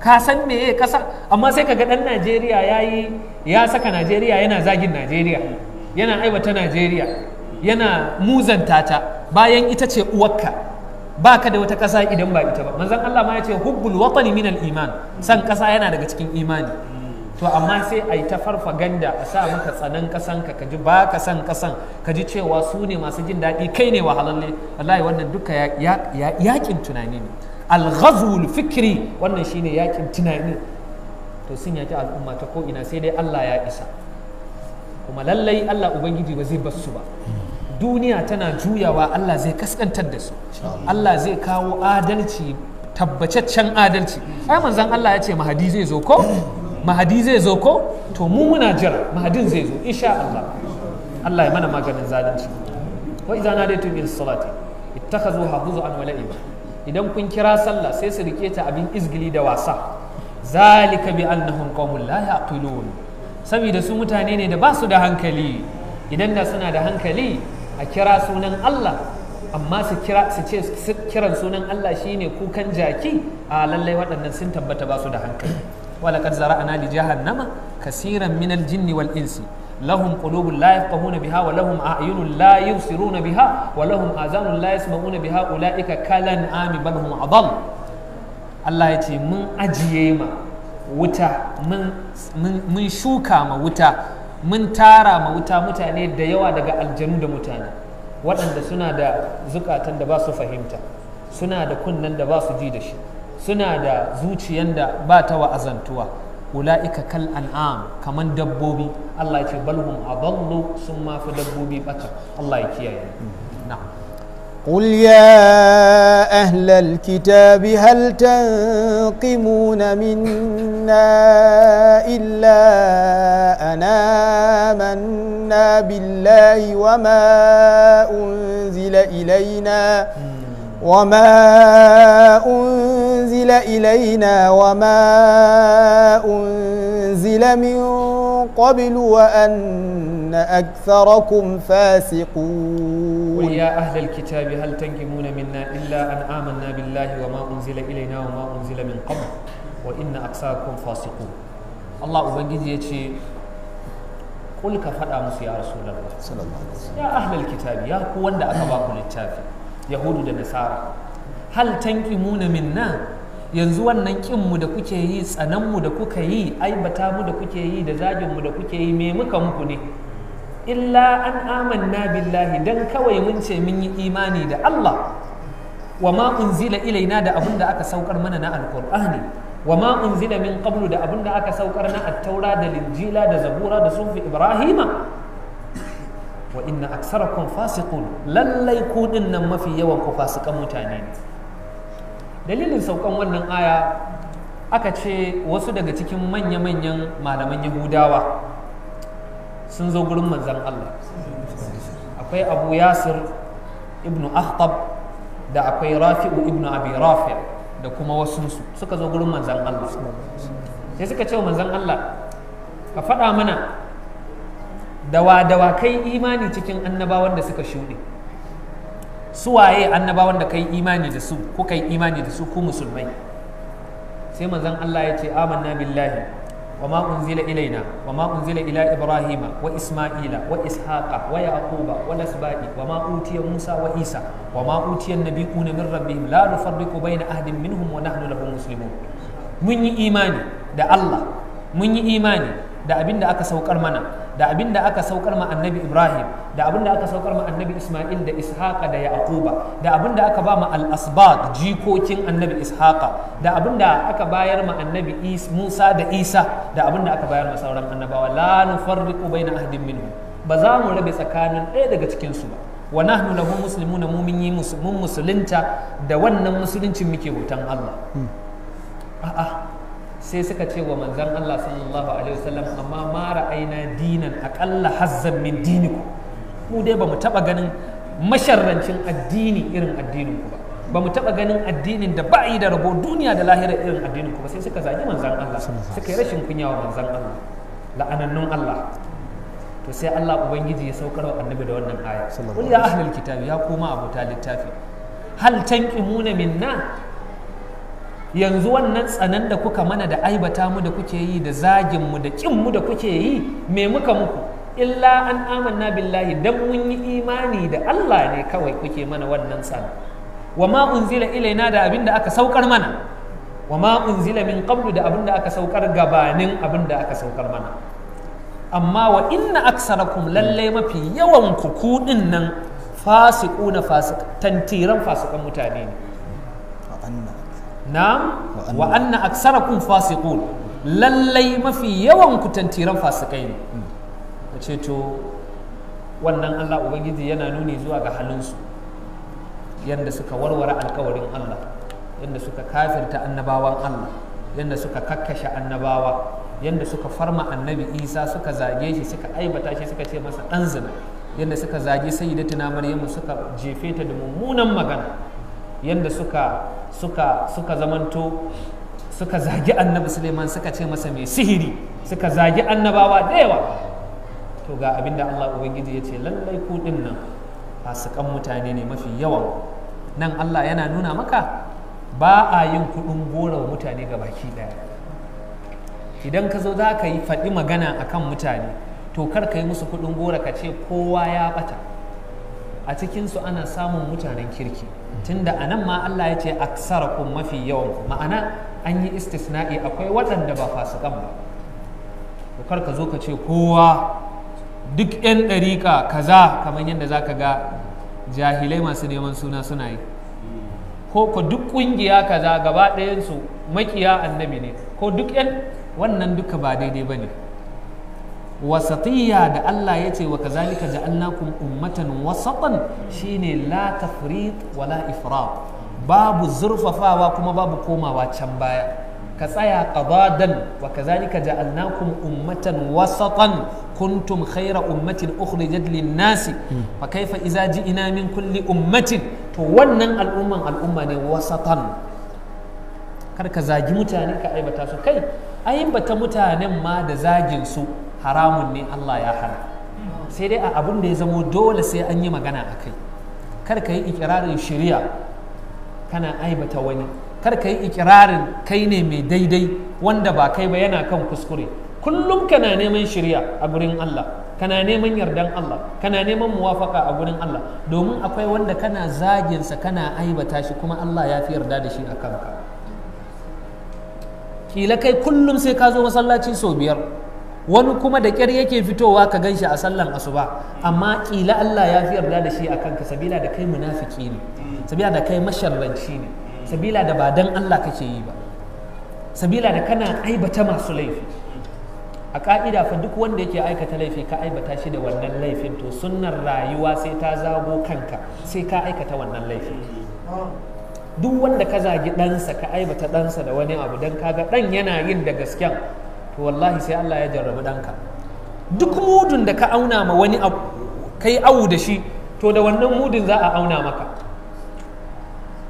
ka san meye kasa amma sai kaga dan najeriya ya yi ya saka najeriya yana zagin najeriya yana aibata najeriya yana muzanta ta bayan ita ce uwarka ba ka da wata kasa idan ba ita ba manzan Allah ma ya ce hubbul watani min al iman san kasa yana daga cikin imani to amma sai a yi ta ganda a sa maka tsanan kasan ka ji ba ka san kasan ka ji cewa su ne masu jin daɗi kai ne wahalalle wallahi wannan duka yakin tunani ne al-ghazwul fikri wannan shine yakin tunani to sun yaki al'umma ta ko ina sai dai Allah ya isa kuma lallai Allah ubangiji ba zai su ba duniya tana juyawa Allah zai kaskantar da su Allah zai kawo adalci tabbataccen adalci ai manzon Allah ya ce mahadi zai zo ko mahadi zai zo ko to mu muna jira mahadin zai zo insha Allah Allah ya mana maganin zalunci wa idza nadaytum ila salati ittakhadhuha huzuan wa la'iba idan kun kira sallah sai su rike ta abin izgili da wasa zalika bi annahum qawmun la yaqilun saboda su mutane ne da ba su da hankali idan da suna da hankali a kira sunan Allah amma su kira su ce kiran sunan Allah shine kukan jaki a lallai waɗannan sun tabbata ba su da hankali walaqad zara'ana li jahannama kaseeran minal jinni wal insi lahum qulubun la yafqahuna biha wa lahum a'yunun la yubsiruna biha wa lahum azanun la yasma'una biha ulaika kalan ami bal hum adall Allah ya ce mun ajiye ma wuta mun shuka ma wuta mun tara ma wuta mutane da yawa daga aljanu da mutane waɗanda suna da zukatan da basu fahimta suna da kunnen da basu ji da shi suna da zuciyan da ba ta wa'azantuwa أولئك كالأنعام كمن دبوبي الله يتي بل أضلوا ثم في دبوبي بطر الله يتي نعم قل يا أهل الكتاب هل تنقمون منا إلا أنا منا بالله وما أنزل إلينا مم. وما أنزل إلينا وما أنزل من قبل وأن أكثركم فاسقون قل يا أهل الكتاب هل تنكمون منا إلا أن آمنا بالله وما أنزل إلينا وما أنزل من قبل وإن أكثركم فاسقون الله أبنجد يتشي قل كفر أمس يا رسول الله صلى الله عليه وسلم يا أهل الكتاب يا قوة أكباكم للتافي yahudu da nasara hal tanki muna minna yanzu wannan kinmu da kuke yi tsananmu da kuka yi aibata mu da kuke yi da zaginmu da kuke yi me muka muku ne illa an amanna billahi dan kawai mun ce mun yi imani da Allah wa ma unzila ilaina da abinda aka saukar mana na alqur'ani wa ma unzila min qablu da abinda aka saukar na at-taura da linjila da zabura da sunfi ibrahima wa inna aksarakum fasiqun lallai ku dinnan mafi yawan ku fasikan mutane ne dalilin saukan wannan aya aka ce wasu daga cikin manya-manyan malaman yahudawa sun zo gurin manzan Allah akwai abu yasir Ibn akhtab da akwai rafi'u Ibn abi rafi' da kuma wasunsu suka zo gurin manzan Allah sai suka ce manzan Allah ka faɗa mana dawa dawa kai imani cikin annabawan da suka shuɗe su waye annabawan da kai imani da su ko kai imani da su ku musulmai sai manzon Allah ya ce amanna billahi wa ma unzila ilaina wa ma unzila ila ibrahima wa isma'ila wa ishaqa wa yaquba wa nasba'i wa ma utiya musa wa isa wa ma utiya nabiyuna min rabbihim la nufarriqu baina ahadin minhum wa nahnu lahu muslimun mun yi imani da Allah mun yi imani da abin da aka saukar mana da abin da aka saukar ma annabi ibrahim da abin da aka saukar ma annabi isma'il da ishaqa da yaquba da abin da aka ba ma al asbad jikokin annabi ishaqa da abin da aka bayar ma annabi musa da isa da abin da aka bayar ma sauran annabawa la nufarriqu baina ahadin minhum ba za mu rabe tsakanin ɗaya daga cikin su ba wa nahnu lahu muslimun mu mun musulunta da wannan musulunci muke bautan Allah hmm. a'a sai suka ce wa manzan Allah sallallahu alaihi wasallam amma mara aina dinan aƙalla hazzan min diniku mu dai bamu taɓa ganin masharrancin addini irin addinin ku ba ba mu taɓa ganin addinin da ba yi da rabo duniya da lahira irin addinin ku ba sai suka zagi manzan Allah suka yi rashin kunya wa manzan Allah la'anannun Allah to sai Allah ubangiji ya saukar wa annabi da wannan aya qul ya ahlul kitabi ya koma abota littafi hal tanqimuna minna yanzu wannan tsanan da kuka mana da aibata mu da kuke yi da zagin mu da kin mu da kuke yi me muka muku illa an amanna billahi dan mun yi imani da Allah ne kawai kuke mana wannan tsana wa ma unzila ilaina da abin da aka saukar mana wa ma unzila min qablu da abin da aka saukar gabanin abin da aka saukar mana amma wa inna aksarakum lalle mafi yawan ku kudin nan fasiquna tan tantiran fasikan mutane ne na'am wa anna aksarakum fasiqun lallai mafi yawan ku tantiran fasikai ne ce to wannan Allah ubangiji yana nuni zuwa ga halinsu yadda suka warware alkawarin Allah yadda suka kafirta annabawan Allah yadda suka kakkashe annabawa yadda suka farma annabi Isa suka zage shi suka aibata shi suka ce masa dan zina yadda suka zage sayyidatuna Maryamu suka jefe ta da mummunan magana yadda suka suka zamanto suka zagi annabi suleiman suka ce masa mai sihiri suka zagi annabawa da yawa to ga abinda allah ubangiji ya ce lallai ku nan fasikan mutane ne mafi yawan nan allah yana nuna maka ba a yin kudin gora mutane ga baki daya idan ka zo za ka yi faɗi magana akan mutane to kar ka yi musu kudin gora ka ce kowa ya bata a cikinsu ana samun mutanen kirki tunda a nan ma Allah ya ce aksarakum mafi yawan ma'ana an yi istisna'i akwai waɗanda ba fasikan ba kar ka zo ka ce kowa duk 'yan ɗarika kaza kamar yadda za ka ga jahilai masu neman suna suna yi ko ko duk ƙungiya kaza gaba ɗayansu makiya annabi ne ko duk 'yan wannan duka ba daidai ba ne wasatiyya da Allah ya ce wa kazalika ja'alnakum ummatan wasatan shine la tafrit wala ifrat babu zurfafawa kuma babu komawa can baya ka tsaya qadadan wa kazalika ja'alnakum ummatan wasatan kuntum khayra ummatin ukhrijat lin-nasi hmm. fa kaifa idza ji'na min kulli ummatin to wannan al'umman al'umma ne wasatan kar ka zagi mutane ka aibata su kai aibata mutanen ma da zagin su haramun ne Allah ya hana sai dai a abin da ya zamo dole sai an yi magana a kai kar ka yi ikirarin shirya kana aibata wani kar ka yi ikirarin kai ne mai daidai wanda ba kai ba yana kan kuskure kullum kana neman shirya a gurin Allah kana neman yardan Allah kana neman muwafaka a gurin Allah domin akwai wanda kana zaginsa kana aibata shi kuma Allah ya fi yarda da shi a kanka kila kai kullum sai ka zo masallaci sau biyar wani kuma da ƙyar yake fitowa ka gan shi a sallan asuba amma ƙila Allah ya fi yarda da shi a kanka sabila da kai munafiki ne sabila da kai masharranci ne sabila da ba dan Allah kake yi ba sabila da kana aibata masu laifi a ka'ida fa duk wanda yake aikata laifi ka aibata shi da wannan laifin to sunnar rayuwa sai ta zago kanka sai ka aikata wannan laifi duk wanda ka zagi ɗansa ka aibata ɗansa da wani abu don kaga ɗan yana yin da gasken to wallahi sai Allah ya jarrabi ɗanka duk mudun da ka auna ma wani abu ka yi awu da shi to da wannan mudun za a auna maka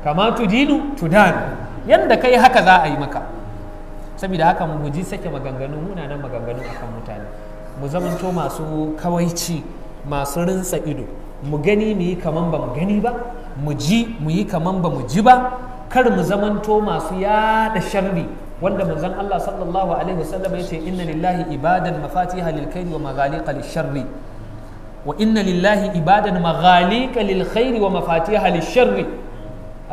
kama tu tudanu yadda ka yi haka za a yi maka saboda haka mu guji sake maganganu nan maganganu akan mutane mu zamanto masu kawaici masu rinsa ido mu gani mu yi kaman ba mu gani ba mu ji mu yi kaman ba mu ji ba kar mu zamanto masu yada sharri wanda manzon Allah sallallahu alaihi wasallam ya ce inna lillahi ibadan mafatiha lil khairi wa maghaliqa lil sharri wa inna lillahi ibadan maghaliqa lil khairi wa mafatiha lil sharri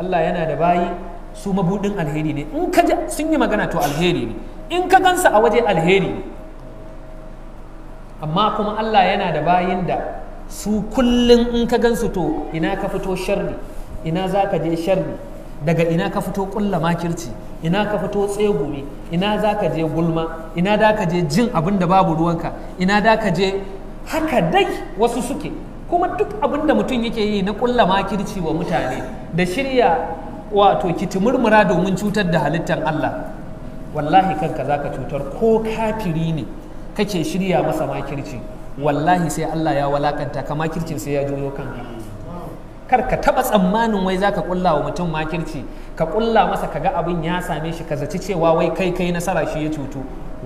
Allah yana da bayi su mabudin alheri ne in ka sun yi magana to alheri ne in ka gansa a waje alheri ne amma kuma Allah yana da bayin da su kullum in ka gansu to ina ka fito sharri ina za ka je sharri daga ina ka fito kulla makirci ina ka fito tsegumi? ina za ka je gulma ina da ka je jin abin da babu ruwanka ina da ka je haka dai wasu suke kuma duk abin da mutum yake yi na kulla makirci wa mutane da shirya wato murmura domin cutar da halittar Allah wallahi kanka za ka cutar ko kafiri ne kake shirya masa makirci wallahi sai Allah ya walakanta ka makircin sai ya juyo kanka kar ka taba tsammanin wai zaka kulla wa mutum makirci ka kulla masa ka ga abin ya same shi ka zaci cewa wai kai kai nasara shi ya cutu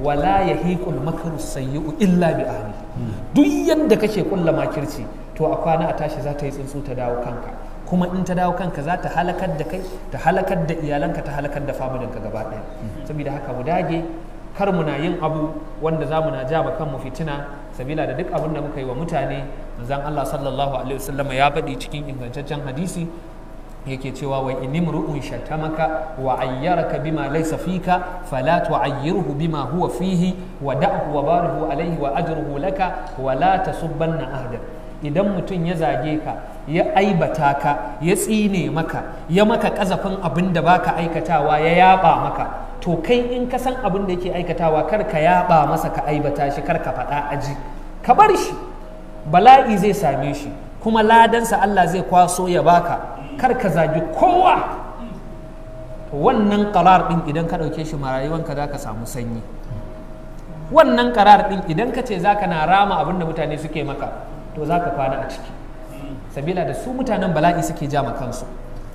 wala yahiqul makru sayyi'u illa bi ahli duk yanda kake kulla makirci to a kwana a tashi za ta yi tsuntsu ta dawo kanka kuma in ta dawo kanka za ta halakar da kai ta halakar da iyalanka ta halakar da familinka gaba ɗaya saboda haka mu dage kar muna yin abu wanda za mu na ja kanmu fitina sabila da duk abin da muka yi wa mutane manzan Allah sallallahu alaihi wasallam ya faɗi cikin ingantaccen hadisi yake cewa wa inimru'un shatamaka wa ayyaraka bima laysa fika fala tu'ayyirhu bima huwa fihi wa da'hu wa barihu alayhi wa ajruhu laka wa la tasubbanna ahdan idan mutum ya zage ka ya aibata ka ya tsine maka ya maka kazafin abin da baka aikatawa ya yaba maka to kai in ka san abin da yake aikatawa kar ka yaba masa ka aibata shi kar ka faɗa aji ka bar shi bala'i zai same shi kuma ladansa Allah zai kwaso ya baka kar ka zagi kowa wannan karar din idan ka ɗauke shi ma rayuwanka za ka samu sanyi wannan karar din idan ka ce za ka na rama abin da mutane suke maka to za ka kwana a ciki sabila da su mutanen bala'i suke ja ma kansu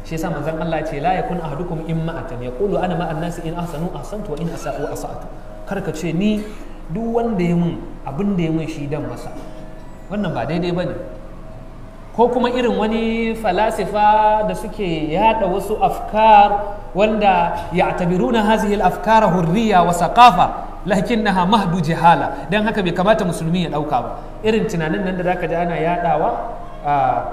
shi yasa manzon Allah ce la yakun ahadukum imma atan yaqulu ana ma'an nasi in ahsanu ahsantu wa in asa'u asa'tu kar ka ce ni duk wanda ya mun abin da ya mun shi dan masa wannan ba daidai ba ne ko kuma irin wani falasifa da suke yada wasu afkar wanda ya tabiruna hazihil afkara hurriya wa lakin na mahdu jihala dan haka bai kamata musulmi ya dauka ba irin tunanin nan da zaka ji ana yadawa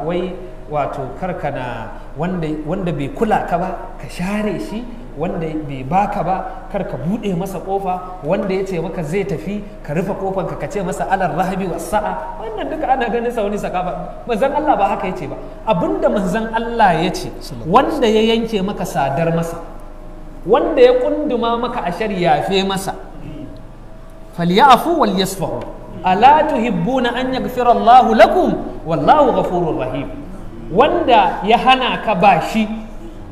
wai wato karkana wanda bai kula ka ba ka share shi wanda bai baka ba kar ka buɗe masa ƙofa wanda ya ce maka zai tafi ka rufe kofan ka ce masa alar rahabi wa sa'a wannan duka ana ganin sa wani sakafa manzon Allah ba haka yace ba abinda manzon Allah ya ce wanda ya yanke maka sadar masa wanda ya kunduma maka ashar yafe masa falyafu wal yasfahu ala tuhibbuna an yaghfira Allah lakum wallahu ghafurur rahim wanda ya hana ka bashi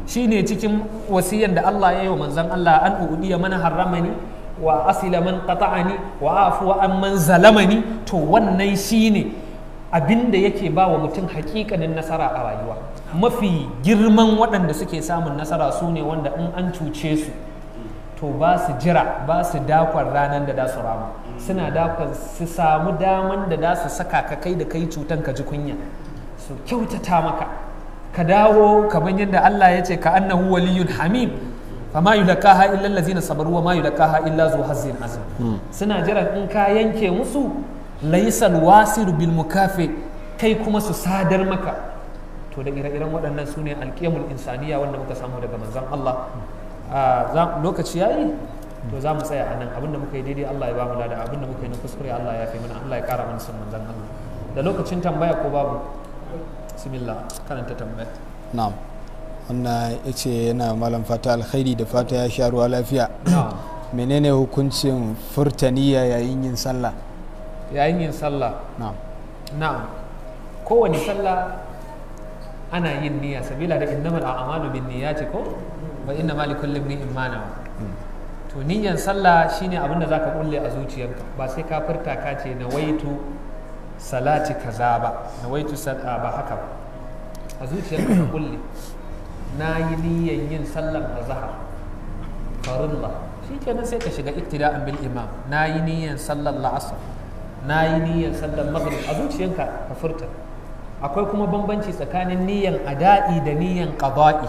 Shi ne cikin wasiyan da Allah ya yi wa manzan, Allah an udiya mana harramani wa asila man qata'ani wa afuwa an man zalamani to wannan shine abin da yake ba wa mutum hakikanin nasara a rayuwa mafi girman waɗanda suke samun nasara su ne wanda in an cuce su to ba su jira ba su dakon ranar da da su rama suna dakon su samu daman da da su saka ka kai da kai cutan ka ji kunya su kyautata maka ka dawo kamar yadda Allah ya ce ka annahu waliyun hamim ma yulakaha illa allazina sabaru wa ma yulakaha illa zu hazzin azim hmm. suna jiran in ka yanke musu laysal wasiru bil mukafi kai kuma su sadar maka to da ire-iren waɗannan su ne alƙiyamul insaniya wanda muka samu daga manzon Allah ah, lokaci yayi to za mu tsaya a nan abinda muka yi daidai Allah ya ba mu lada abinda muka yi na kuskure Allah ya fi mana Allah ya ƙara mana sun manzon Allah da lokacin tambaya ko babu bismillah karanta tambaya na'am wannan ya ce yana malam fata alkhairi da fata ya sha ruwa lafiya menene hukuncin furtaniya yayin yin sallah yayin yin sallah na'am na'am kowane sallah ana yin niyya sabila da innamal a'malu bin ce ko wa inna ma kullum ni ma hmm. to niyyan sallah shine abin da zaka kulle a zuciyarka ba sai ka furta ka ce waitu. salati kaza ba nawaitu sad'a ba haka ba a zuciyar ka kulle na yi niyan yin sallar azhar farilla shikenan sai ka shiga iktida'an bil imam na yi niyan sallar la'asar na yi niyan sallar maghrib a zuciyarka ka furta akwai kuma bambanci tsakanin niyan ada'i da niyan qada'i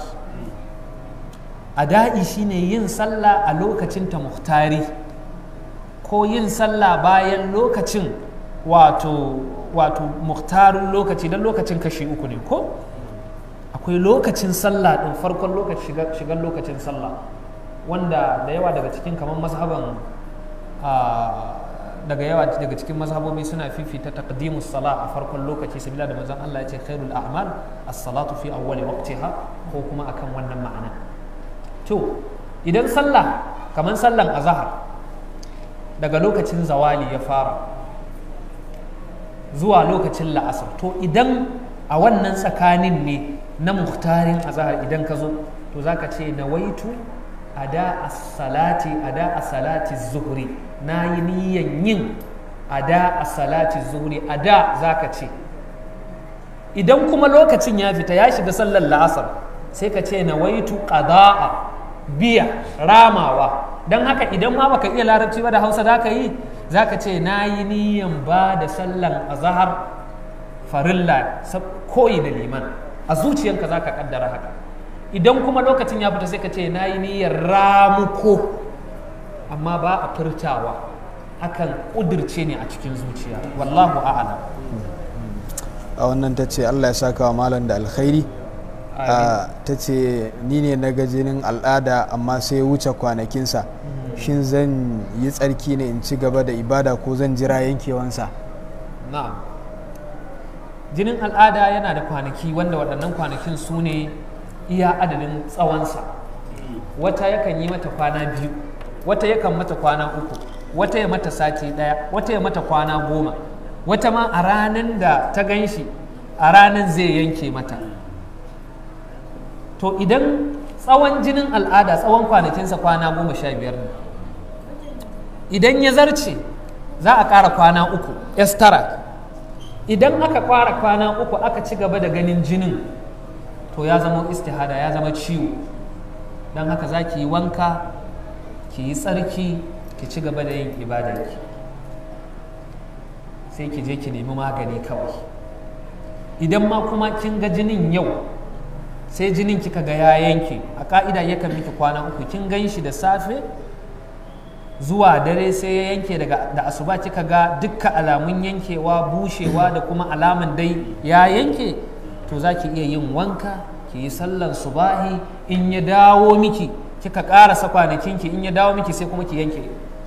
ada'i shine yin sallah a lokacin ta muhtari ko yin sallah bayan lokacin wato wato muhtarin lokaci don lokacin kashi uku ne ko akwai lokacin sallah din farkon lokacin shigar lokacin sallah wanda da yawa daga cikin kamar mazhaban daga yawa daga cikin mazhabobi suna fifita taqdimus sala a farkon lokaci sabila da manzon Allah ya ce khairul a'mal as-salatu fi awwali waqtiha ko kuma akan wannan ma'ana to idan sallah kamar sallan azhar daga lokacin zawali ya fara zuwa lokacin la'asar to idan a wannan tsakanin ne na muhtarin azahar idan ka zo to za ka ce na waitu da a salati da a salati zuhuri, na yi niyan yin ada as-salati a ada za ka ce idan kuma lokacin ya fita ya shiga sallar la'asar sai ka ce na waitu qada'a biya ramawa don haka idan ma baka iya larabci ba da hausa za ka yi za ka ce na yi niyan ba da sallan azahar farilla koyi da liman a zuciyanka za ka kaddara haka idan kuma lokacin ya fita sai ka ce na yi niyan ramuko amma ba a furtawa hakan ƙudurce ne a cikin zuciya wallahu a'ala a wannan ta ce allah ya saka wa malam da alkhairi ta ce ni ne na gajinin al'ada amma sai wuce kwanakinsa mm. shin zan yi tsarki ne in ci gaba da ibada ko zan jira yankewansa na'am jinin al'ada yana da kwanaki wanda waɗannan kwanakin su ne iya adadin tsawonsa wata yakan yi mata kwana biyu wata yakan mata kwana uku wata ya mata sati ɗaya wata ya mata kwana goma wata ma a ranar da ta gan shi a ranar zai yanke mata to idan tsawon jinin al'ada tsawon kwanakinsa kwana goma sha biyar ne idan ya zarce za a ƙara kwana uku estara idan aka ƙara kwana uku aka ci gaba da ganin jinin to ya zama istihada ya zama ciwo don haka za ki yi wanka ki yi tsarki ki ci gaba da yin ibadarki sai ki je ki nemi magani kawai idan ma kuma kin ga jinin yau sai jinin kika ga ya yanke a ka'ida yakan miki kwana uku kin gan shi da safe zuwa dare sai ya yanke daga da asuba kika ga dukkan alamun yankewa bushewa da kuma alaman dai ya yanke to za ki iya yin wanka ki yi sallan subahi in ya dawo miki kika karasa ki in ya dawo miki sai kuma ki yanke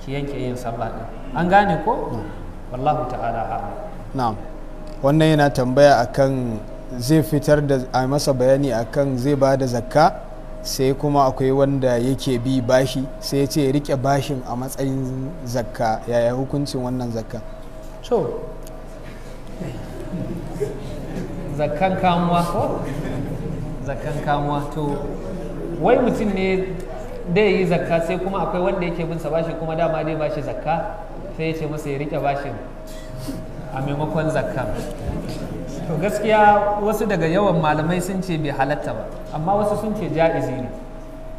ki yanke yin sallah din an gane ko wallahu ta'ala na'am wannan yana tambaya akan zai fitar da a masa bayani akan zai ba da zakka sai kuma akwai wanda yake bi bashi sai ya ce rike bashin a matsayin zakka yaya hukuncin wannan zakka so zakkan kamuwa ko zakkan kamuwa to wai mutum ne dai yi zakka sai kuma akwai wanda yake binsa bashi kuma dama dai bashi zakka sai ya ce masa ya rike bashin a maimakon zakka to gaskiya wasu daga yawan malamai sun ce bai halatta ba amma wasu sun ce ja'izi ne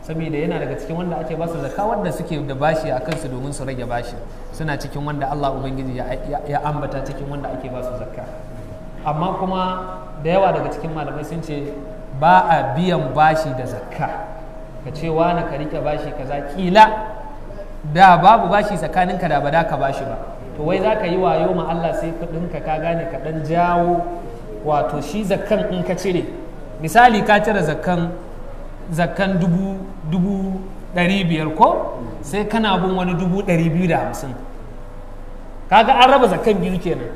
saboda yana daga cikin wanda ake basu zakka wanda suke da bashi a kansu domin su rage bashi suna cikin wanda Allah ubangiji ya ambata cikin wanda ake basu zakka amma kuma da yawa daga cikin malamai sun ce ba a biyan bashi da zakka ka ce wani ka rike bashi kaza kila da babu bashi tsakaninka da ba da ka bashi ba to wai za ka yi wayo ma Allah sai kuɗinka ka gane ka ɗan jawo wato shi zakan in ka cire misali ka cire zakan zakan dubu dubu ɗari biyar ko sai kana bin wani dubu ɗari biyu da hamsin kaga an raba zakan biyu kenan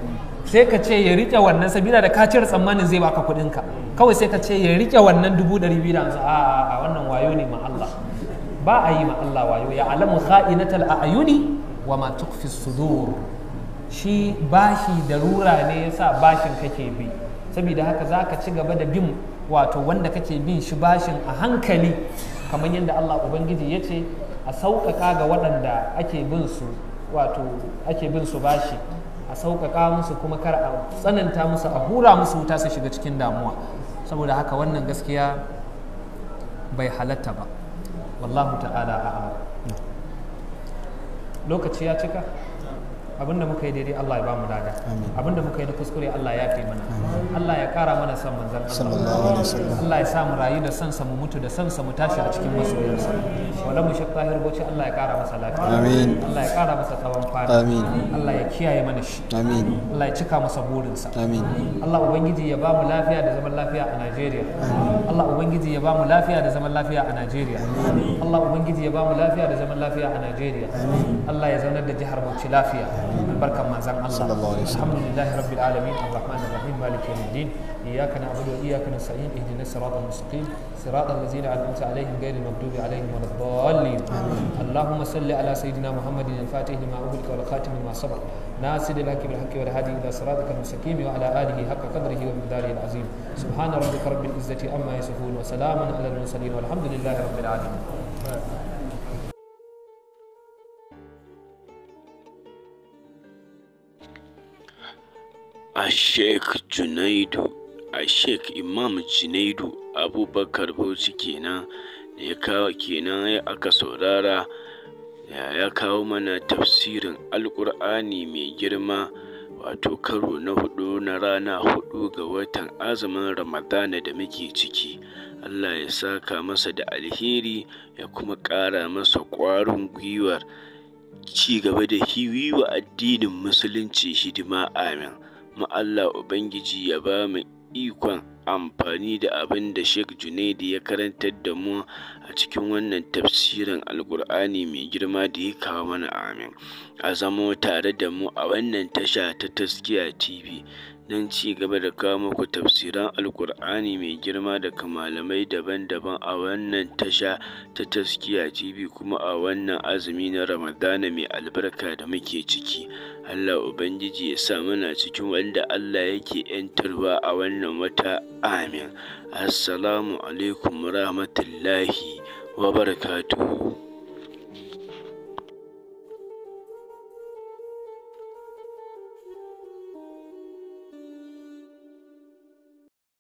sai ka ce ya rike wannan sabila da ka cire tsammanin zai baka kuɗinka kawai sai ka ce ya rike wannan dubu ɗari biyu da hamsin a wannan wayo ne ma Allah ba a yi ma Allah wayo ya alamu kha'inatal a'yuni wa ma tukfis sudur shi bashi darura ne yasa bashin kake bi saboda haka za ka ci gaba da bin wato wanda kake bin shi bashin a hankali kamar yadda Allah Ubangiji ya ce a sauƙaƙa ga waɗanda ake bin su wato ake bin su bashi a sauƙaƙa musu kuma kar a tsananta musu a hura musu wuta su shiga cikin damuwa saboda haka wannan gaskiya bai halatta ba wallahu ta'ala a'a lokaci ya cika abinda muka yi daidai Allah ya ba mu lada abinda muka yi da kuskure Allah ya fi mana Allah ya kara mana san manzon Allah Allah ya sa mu rayu da san mu mutu da san mu tashi a cikin masoyansa wala mu shakka har goce Allah ya kara masa lafiya amin Allah ya kara masa tsawon fara amin Allah ya kiyaye mana shi amin Allah ya cika masa burinsa amin Allah ubangiji ya ba mu lafiya da zaman lafiya a Najeriya Allah ubangiji ya ba mu lafiya da zaman lafiya a Najeriya Allah ubangiji ya ba mu lafiya da zaman lafiya a Najeriya Allah ya zaunar da jihar Bauchi lafiya البركه ما زال الله صلى الله عليه وسلم الحمد لله رب العالمين الرحمن الرحيم مالك يوم الدين اياك نعبد واياك نستعين اهدنا الصراط المستقيم صراط الذين انعمت عليهم غير المغضوب عليهم ولا الضالين اللهم صل على سيدنا محمد الفاتح لما اغلق والخاتم لما صبر ناصر لك بالحق والهادي الى صراطك المستقيم وعلى اله حق قدره ومقداره العظيم سبحان ربك رب العزه عما يصفون وسلام على المرسلين والحمد لله رب العالمين a Sheikh Junaidu a Imam Junaidu Abubakar Bauchi kenan da ya kawo kenan aka saurara ya kawo mana tafsirin Alƙur'ani mai girma wato karo na hudu na rana hudu ga watan azumin ramadana da muke ciki allah ya saka masa da alheri ya kuma ƙara masa ƙwarin gwiwar ci gaba da hiwiwa addinin musulunci hidima amin kuma Allah Ubangiji ya ba mu ikon amfani da abin da Sheikh Junaidi ya karantar da mu a cikin wannan tafsirin al'kur'ani mai girma da ya kawo mana amin. A zamo tare da mu a wannan tasha ta Taskiya TV don ci gaba da kawo muku tafsiran al'kur'ani mai girma daga malamai daban-daban a wannan tasha ta Taskiya TV kuma a wannan azumi na Ramadana mai albarka da muke ciki. Allah Ubangiji ya sa muna cikin wanda Allah yake ‘yantarwa a wannan wata amin. Assalamu alaikum rahmatullahi wa barakatuhu.